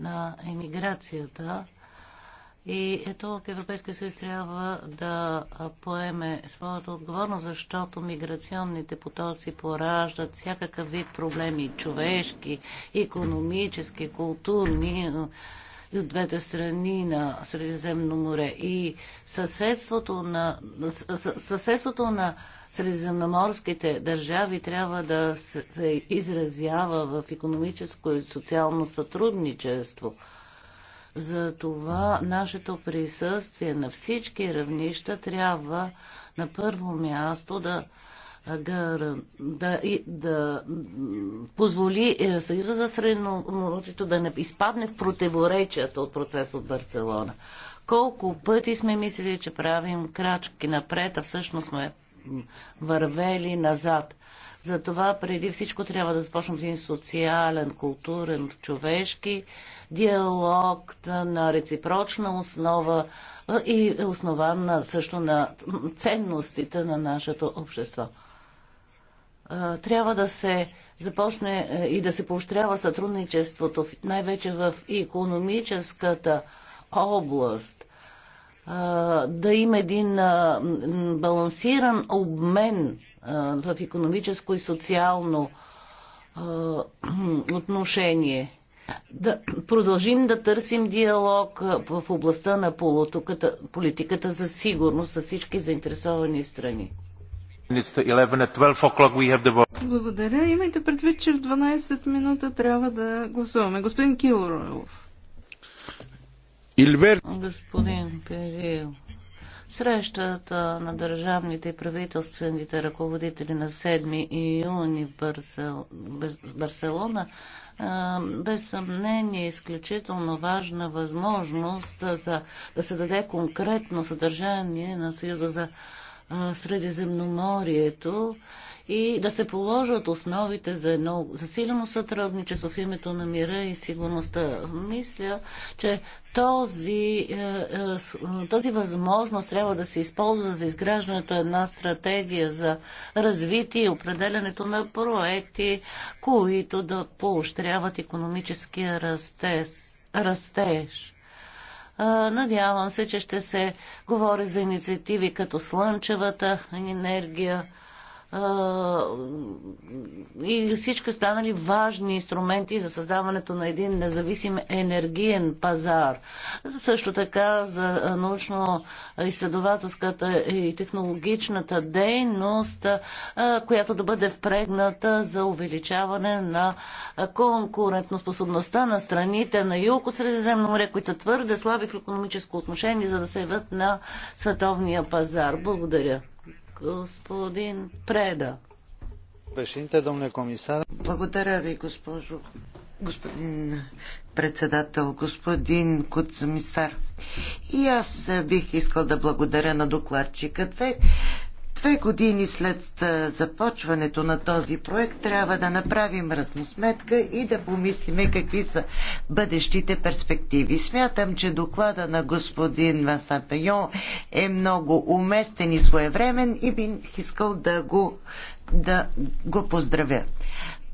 на емиграцията – и ето тук Европейския съюз трябва да поеме своята отговорност, защото миграционните потоци пораждат всякакъв вид проблеми човешки, економически, културни и от двете страни на Средиземно море. И съседството на, съседството на средиземноморските държави трябва да се изразява в економическо и социално сътрудничество – за това нашето присъствие на всички равнища трябва на първо място да, да, да, да позволи е, Съюза за Средноморочието да не изпадне в противоречията от процес от Барселона. Колко пъти сме мислили, че правим крачки напред, а всъщност сме вървели назад. Затова преди всичко трябва да започнем един социален, културен, човешки диалог на реципрочна основа и основан на, също на ценностите на нашето общество. Трябва да се започне е, и да се поощрява сътрудничеството, най-вече в економическата област, да има един балансиран обмен в економическо и социално отношение да продължим да търсим диалог в областта на политиката за сигурност с всички заинтересовани страни. Благодаря. Имайте предвид, че в 12 минута трябва да гласуваме. Господин Килоров. Илвер... Господин Перил. Срещата на държавните и правителствените ръководители на 7 июни в Барсел... Барселона без съмнение е изключително важна възможност за, да се даде конкретно съдържание на Съюза за Средиземноморието и да се положат основите за едно засилено сътрудничество в името на мира и сигурността. Мисля, че този, е, е, е, тази възможност трябва да се използва за изграждането една стратегия за развитие и определенето на проекти, които да поощряват економическия растеж. Надявам се, че ще се говори за инициативи като слънчевата енергия, и всички станали важни инструменти за създаването на един независим енергиен пазар. Също така за научно-изследователската и технологичната дейност, която да бъде впрегната за увеличаване на конкурентоспособността на страните на юг от Средиземно море, които са твърде слаби в економическо отношение, за да се явят на световния пазар. Благодаря. Господин Преда. Благодаря ви, госпожо. Господин председател, господин Куцмисар. И аз бих искал да благодаря на докладчика. Две Две години след започването на този проект трябва да направим разносметка и да помислим какви са бъдещите перспективи. Смятам, че доклада на господин Васан Пеньон е много уместен и своевремен и бих искал да го, да го поздравя.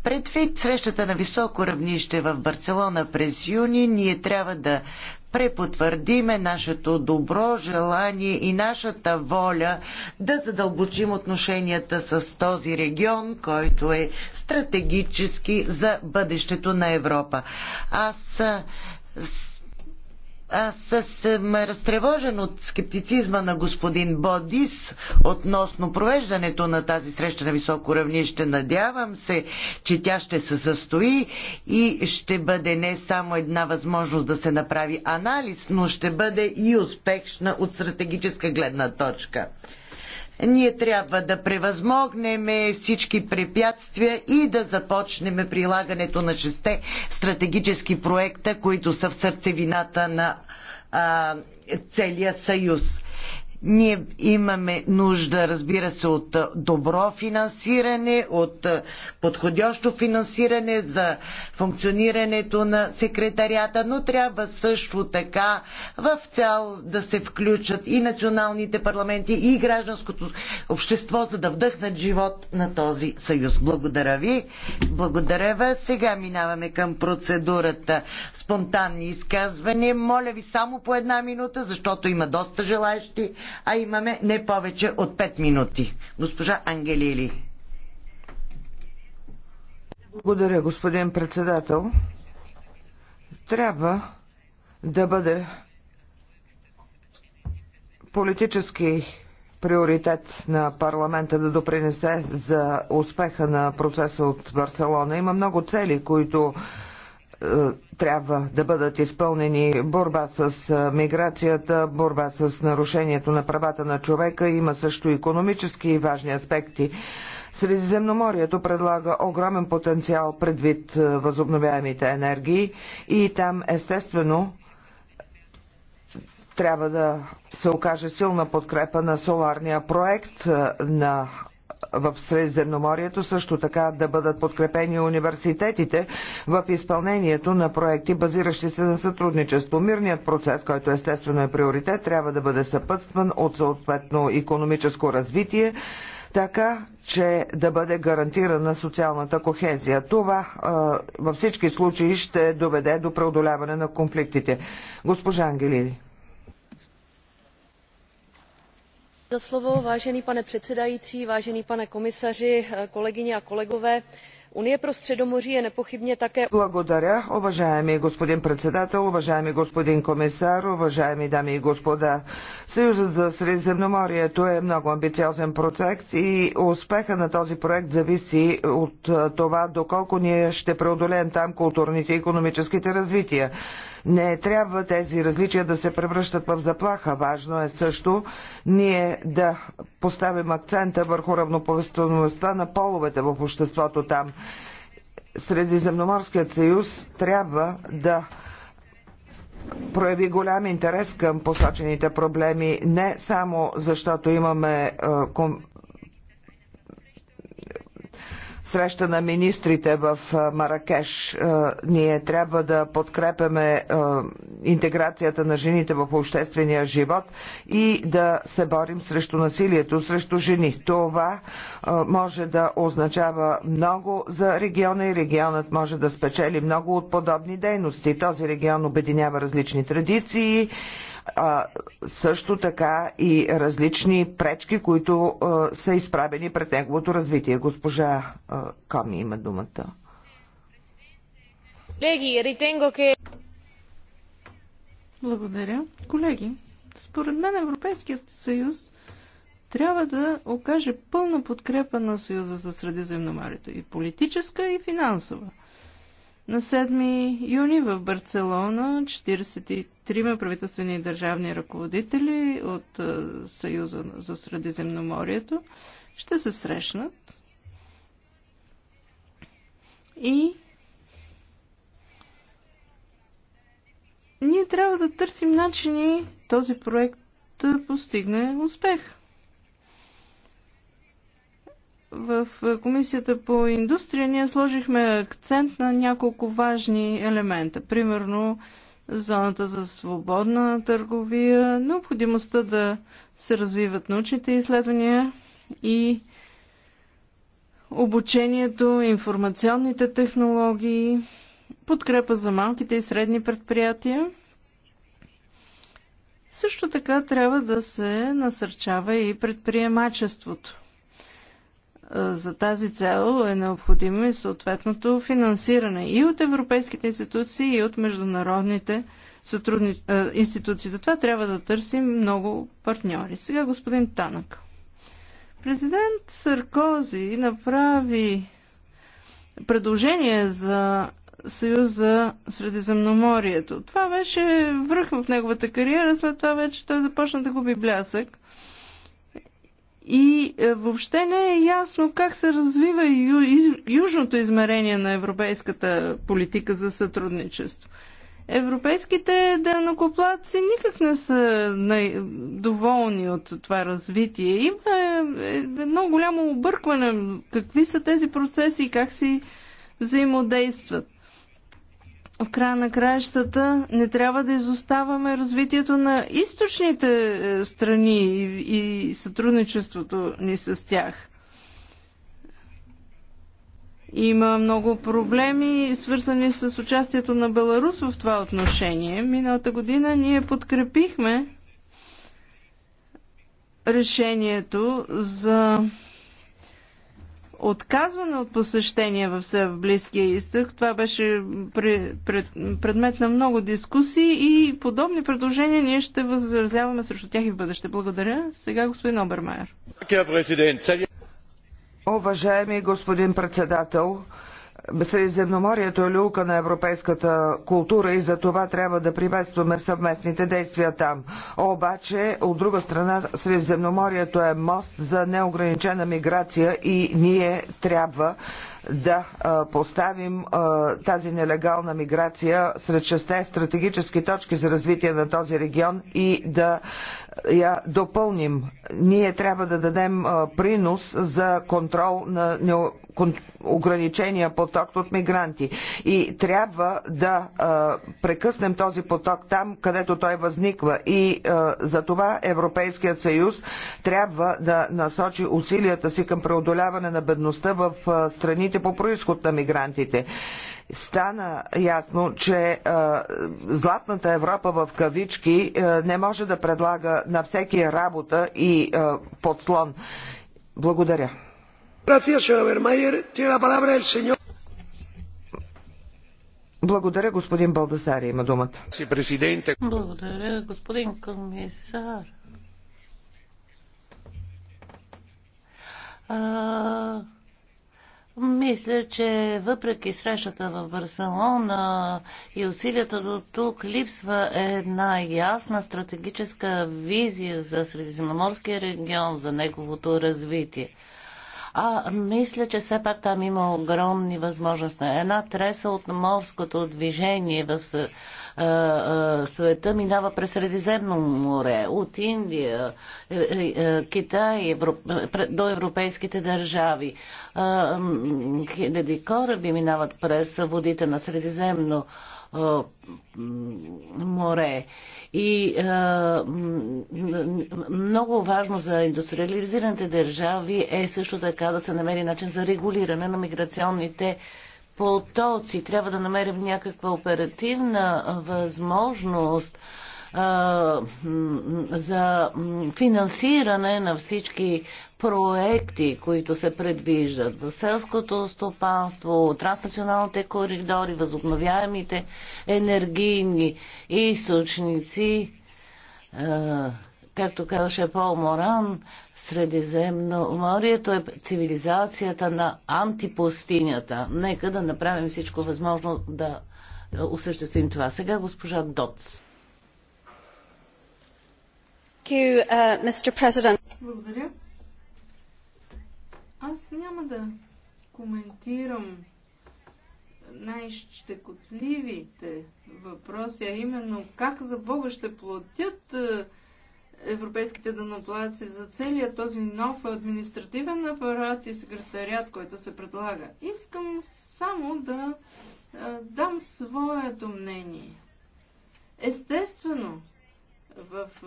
Предвид срещата на високо равнище в Барселона през юни, ние трябва да препотвърдиме нашето добро желание и нашата воля да задълбочим отношенията с този регион, който е стратегически за бъдещето на Европа. Аз аз съм разтревожен от скептицизма на господин Бодис относно провеждането на тази среща на високо равнище. Надявам се, че тя ще се състои и ще бъде не само една възможност да се направи анализ, но ще бъде и успешна от стратегическа гледна точка. Ние трябва да превъзмогнем всички препятствия и да започнем прилагането на шесте стратегически проекта, които са в сърцевината на а, целия съюз. Ние имаме нужда, разбира се, от добро финансиране, от подходящо финансиране за функционирането на секретарията, но трябва също така в цял да се включат и националните парламенти, и гражданското общество, за да вдъхнат живот на този съюз. Благодаря ви. Благодаря ви. Сега минаваме към процедурата спонтанни изказвания. Моля ви само по една минута, защото има доста желаящи а имаме не повече от 5 минути. Госпожа Ангелили. Благодаря, господин председател. Трябва да бъде политически приоритет на парламента да допринесе за успеха на процеса от Барселона. Има много цели, които трябва да бъдат изпълнени борба с миграцията, борба с нарушението на правата на човека. Има също економически и важни аспекти. Средиземноморието предлага огромен потенциал предвид възобновяемите енергии и там естествено трябва да се окаже силна подкрепа на соларния проект на в Средиземноморието, също така да бъдат подкрепени университетите в изпълнението на проекти, базиращи се на сътрудничество. Мирният процес, който естествено е приоритет, трябва да бъде съпътстван от съответно економическо развитие, така че да бъде гарантирана социалната кохезия. Това а, във всички случаи ще доведе до преодоляване на конфликтите. Госпожа Ангелини, pane předsedající pane komisaři kolegyně a kolegové unie pro středomoří je nepochybně také. благодаря уважаеми господин председател уважаеми господин комисар уважаеми дами и господа съюзът за средиземноморието е много амбициозен проект и успеха на този проект зависи от това доколко ние ще преодолеем там културните и економическите развития. Не трябва тези различия да се превръщат в заплаха. Важно е също ние да поставим акцента върху равнопоставеността на половете в обществото там. Средиземноморският съюз трябва да прояви голям интерес към посочените проблеми, не само защото имаме е, среща на министрите в Маракеш. Ние трябва да подкрепяме интеграцията на жените в обществения живот и да се борим срещу насилието, срещу жени. Това може да означава много за региона и регионът може да спечели много от подобни дейности. Този регион обединява различни традиции а, също така и различни пречки, които а, са изправени пред неговото развитие. Госпожа а, Ками има думата. Леги, ритенго ке... Благодаря. Колеги, според мен Европейският съюз трябва да окаже пълна подкрепа на Съюза за Средиземноморието и политическа, и финансова. На 7 юни в Барселона 43 правителствени и държавни ръководители от Съюза за Средиземноморието ще се срещнат и ние трябва да търсим начини този проект да постигне успех в Комисията по индустрия ние сложихме акцент на няколко важни елемента. Примерно зоната за свободна търговия, необходимостта да се развиват научните изследвания и обучението, информационните технологии, подкрепа за малките и средни предприятия. Също така трябва да се насърчава и предприемачеството за тази цел е необходимо и съответното финансиране и от европейските институции, и от международните сътрудни... институции. Затова трябва да търсим много партньори. Сега господин Танък. Президент Саркози направи предложение за Съюз за Средиземноморието. Това беше връх в неговата кариера, след това вече той започна да губи блясък. И е, въобще не е ясно как се развива южното измерение на европейската политика за сътрудничество. Европейските денокоплаци никак не са доволни от това развитие. Има е, е, едно голямо объркване какви са тези процеси и как си взаимодействат в края на краищата не трябва да изоставаме развитието на източните е, страни и, сътрудничеството ни с тях. Има много проблеми, свързани с участието на Беларус в това отношение. Миналата година ние подкрепихме решението за отказване от посещения в, Близкия изток. Това беше пред, предмет на много дискусии и подобни предложения ние ще възразяваме срещу тях и в бъдеще. Благодаря. Сега господин Обермайер. Уважаеми господин председател, Средиземноморието е люлка на европейската култура и за това трябва да приветстваме съвместните действия там. Обаче, от друга страна, Средиземноморието е мост за неограничена миграция и ние трябва да поставим тази нелегална миграция сред шесте стратегически точки за развитие на този регион и да я допълним. Ние трябва да дадем принос за контрол на ограничения поток от мигранти. И трябва да а, прекъснем този поток там, където той възниква. И а, за това Европейският съюз трябва да насочи усилията си към преодоляване на бедността в а, страните по происход на мигрантите стана ясно, че а, златната Европа в кавички а, не може да предлага на всеки работа и а, подслон. Благодаря. Благодаря, господин Балдасари. Има думата. Благодаря, господин комисар. А, мисля, че въпреки срещата в Барселона и усилията до тук, липсва една ясна стратегическа визия за Средиземноморския регион, за неговото развитие. А мисля, че все пак там има огромни възможности. Една треса от морското движение в е, е, света минава през Средиземно море, от Индия, е, Китай Европ... до европейските държави. Хиляди кораби минават през водите на Средиземно море море. И много важно за индустриализираните държави е също така да се намери начин за регулиране на миграционните потоци. Трябва да намерим някаква оперативна възможност за финансиране на всички проекти, които се предвиждат в селското стопанство, транснационалните коридори, възобновяемите енергийни източници, е, както казваше Пол Моран, Средиземноморието е цивилизацията на антипустинята. Нека да направим всичко възможно да е, осъществим това. Сега госпожа Доц. Uh, Благодаря. Аз няма да коментирам най-щекотливите въпроси, а именно как за Бога ще платят е, европейските дъноплаци за целия този нов административен апарат и секретариат, който се предлага. Искам само да е, дам своето мнение. Естествено, в е,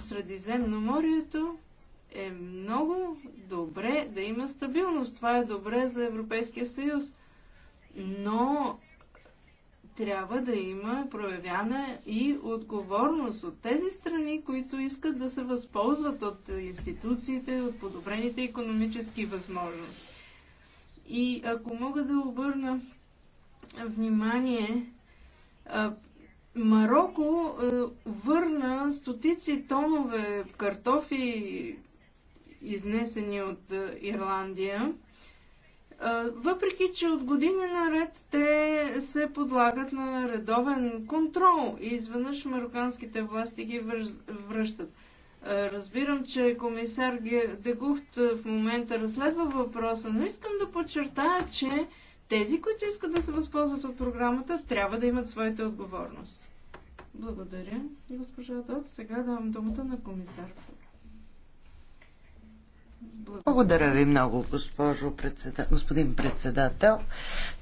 Средиземноморието е много добре да има стабилност. Това е добре за Европейския съюз. Но трябва да има проявяна и отговорност от тези страни, които искат да се възползват от институциите, от подобрените економически възможности. И ако мога да обърна внимание, Марокко върна стотици тонове картофи, изнесени от е, Ирландия. Е, въпреки, че от години наред те се подлагат на редовен контрол и изведнъж мароканските власти ги връщат. Е, разбирам, че комисар Дегухт в момента разследва въпроса, но искам да подчертая, че тези, които искат да се възползват от програмата, трябва да имат своите отговорности. Благодаря, госпожа Дот. Сега давам думата на комисар благодаря ви много, госпожо председател, господин председател.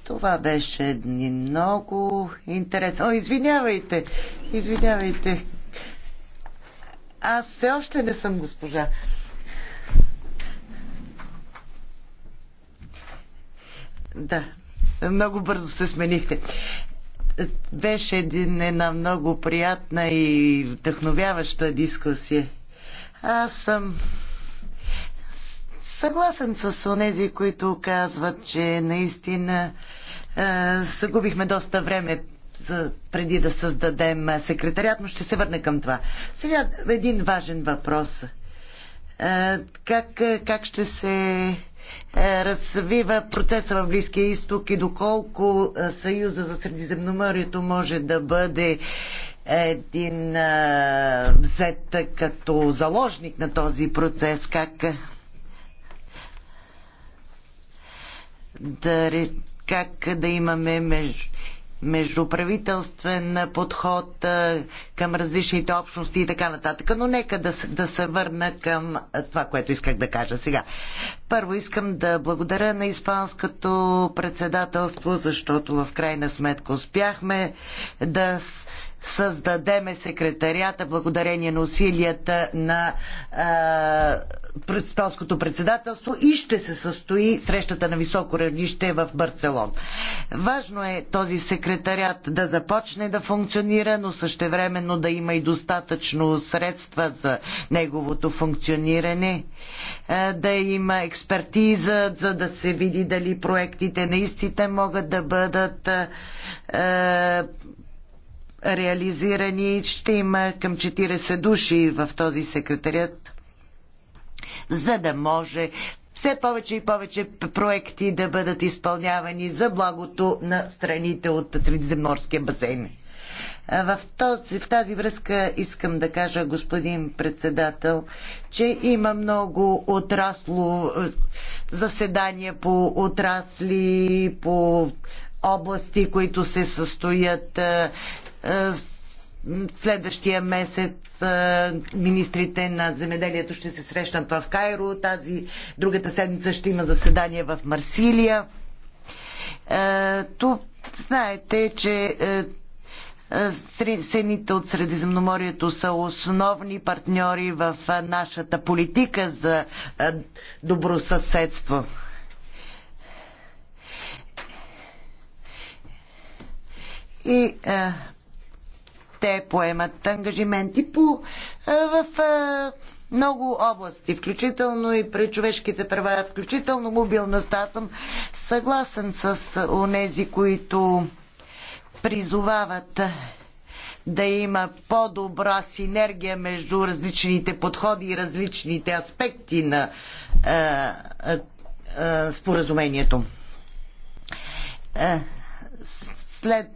Това беше един много интересно. О, извинявайте, извинявайте. Аз все още не съм госпожа. Да, много бързо се сменихте. Беше един, една много приятна и вдъхновяваща дискусия. Аз съм съгласен с онези, които казват, че наистина загубихме доста време за, преди да създадем секретарят, но ще се върна към това. Сега един важен въпрос. Как, как ще се развива процеса в Близкия изток и доколко Съюза за Средиземноморието може да бъде един взет като заложник на този процес? Как? да, как да имаме между междуправителствен подход към различните общности и така нататък. Но нека да, да се върна към това, което исках да кажа сега. Първо искам да благодаря на Испанското председателство, защото в крайна сметка успяхме да създадеме секретарията благодарение на усилията на е, Испанското председателство и ще се състои срещата на високо равнище в Барселон. Важно е този секретарят да започне да функционира, но същевременно да има и достатъчно средства за неговото функциониране, е, да има експертиза, за да се види дали проектите наистина могат да бъдат е, реализирани. Ще има към 40 души в този секретарият, за да може все повече и повече проекти да бъдат изпълнявани за благото на страните от Средиземноморския басейн. В, този, в тази връзка искам да кажа, господин председател, че има много отрасло заседания по отрасли, по области, които се състоят е, следващия месец е, министрите на земеделието ще се срещнат в Кайро. Тази другата седмица ще има заседание в Марсилия. Е, Тук знаете, че Сените от Средиземноморието са основни партньори в нашата политика за добросъседство. И те поемат ангажименти по, в много области, включително и при човешките права, включително мобилността. Аз съм съгласен с онези, които призовават да има по-добра синергия между различните подходи и различните аспекти на а, а, а, споразумението. след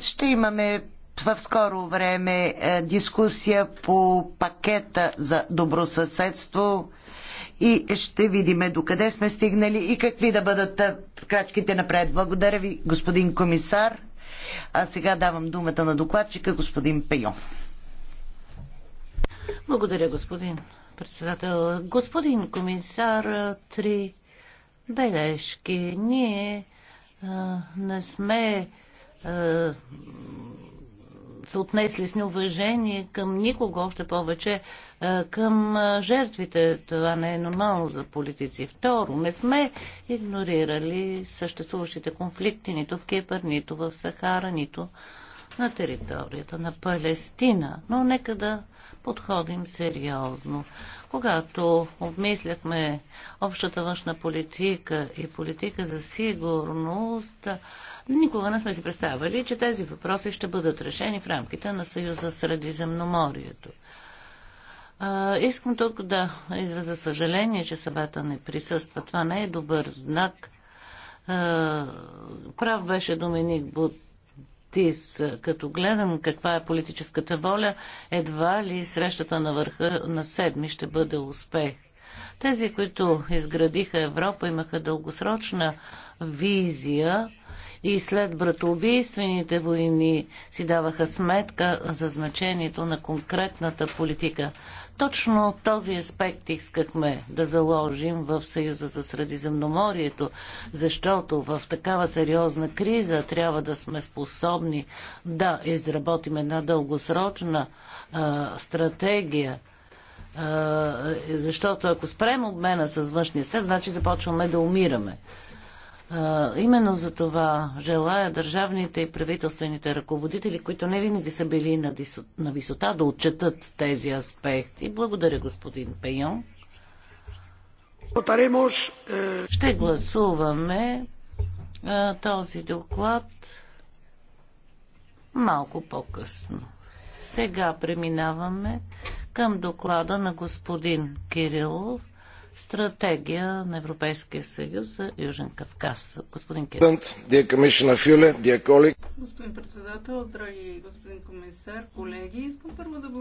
ще имаме в скоро време дискусия по пакета за добросъседство и ще видим докъде сме стигнали и какви да бъдат крачките напред. Благодаря ви, господин комисар. А сега давам думата на докладчика, господин Пейо. Благодаря, господин председател. Господин комисар, три бележки. Ние а, не сме се отнесли с неуважение към никого, още повече е, към е, жертвите. Това не е нормално за политици. Второ, не сме игнорирали съществуващите конфликти нито в Кипър, нито в Сахара, нито на територията на Палестина. Но нека да подходим сериозно. Когато обмисляхме общата външна политика и политика за сигурност, никога не сме си представили, че тези въпроси ще бъдат решени в рамките на Съюза Средиземноморието. искам тук да изразя съжаление, че събата не присъства. Това не е добър знак. прав беше Доминик Бут Тис. Като гледам каква е политическата воля, едва ли срещата на върха на седми ще бъде успех. Тези, които изградиха Европа, имаха дългосрочна визия и след братоубийствените войни си даваха сметка за значението на конкретната политика. Точно този аспект искахме да заложим в Съюза за Средиземноморието, защото в такава сериозна криза трябва да сме способни да изработим една дългосрочна а, стратегия защото ако спрем обмена с външния свят, значи започваме да умираме. Именно за това желая държавните и правителствените ръководители, които не винаги са били на, висота, да отчетат тези аспекти. Благодаря, господин Пейон. Е, Ще гласуваме е, този доклад малко по-късно. Сега преминаваме към доклада на господин Кирилов стратегия на Европейския съюз за Южен Кавказ. Господин Кирилов. Господин председател, драги господин комисар, колеги, искам първо да благодаря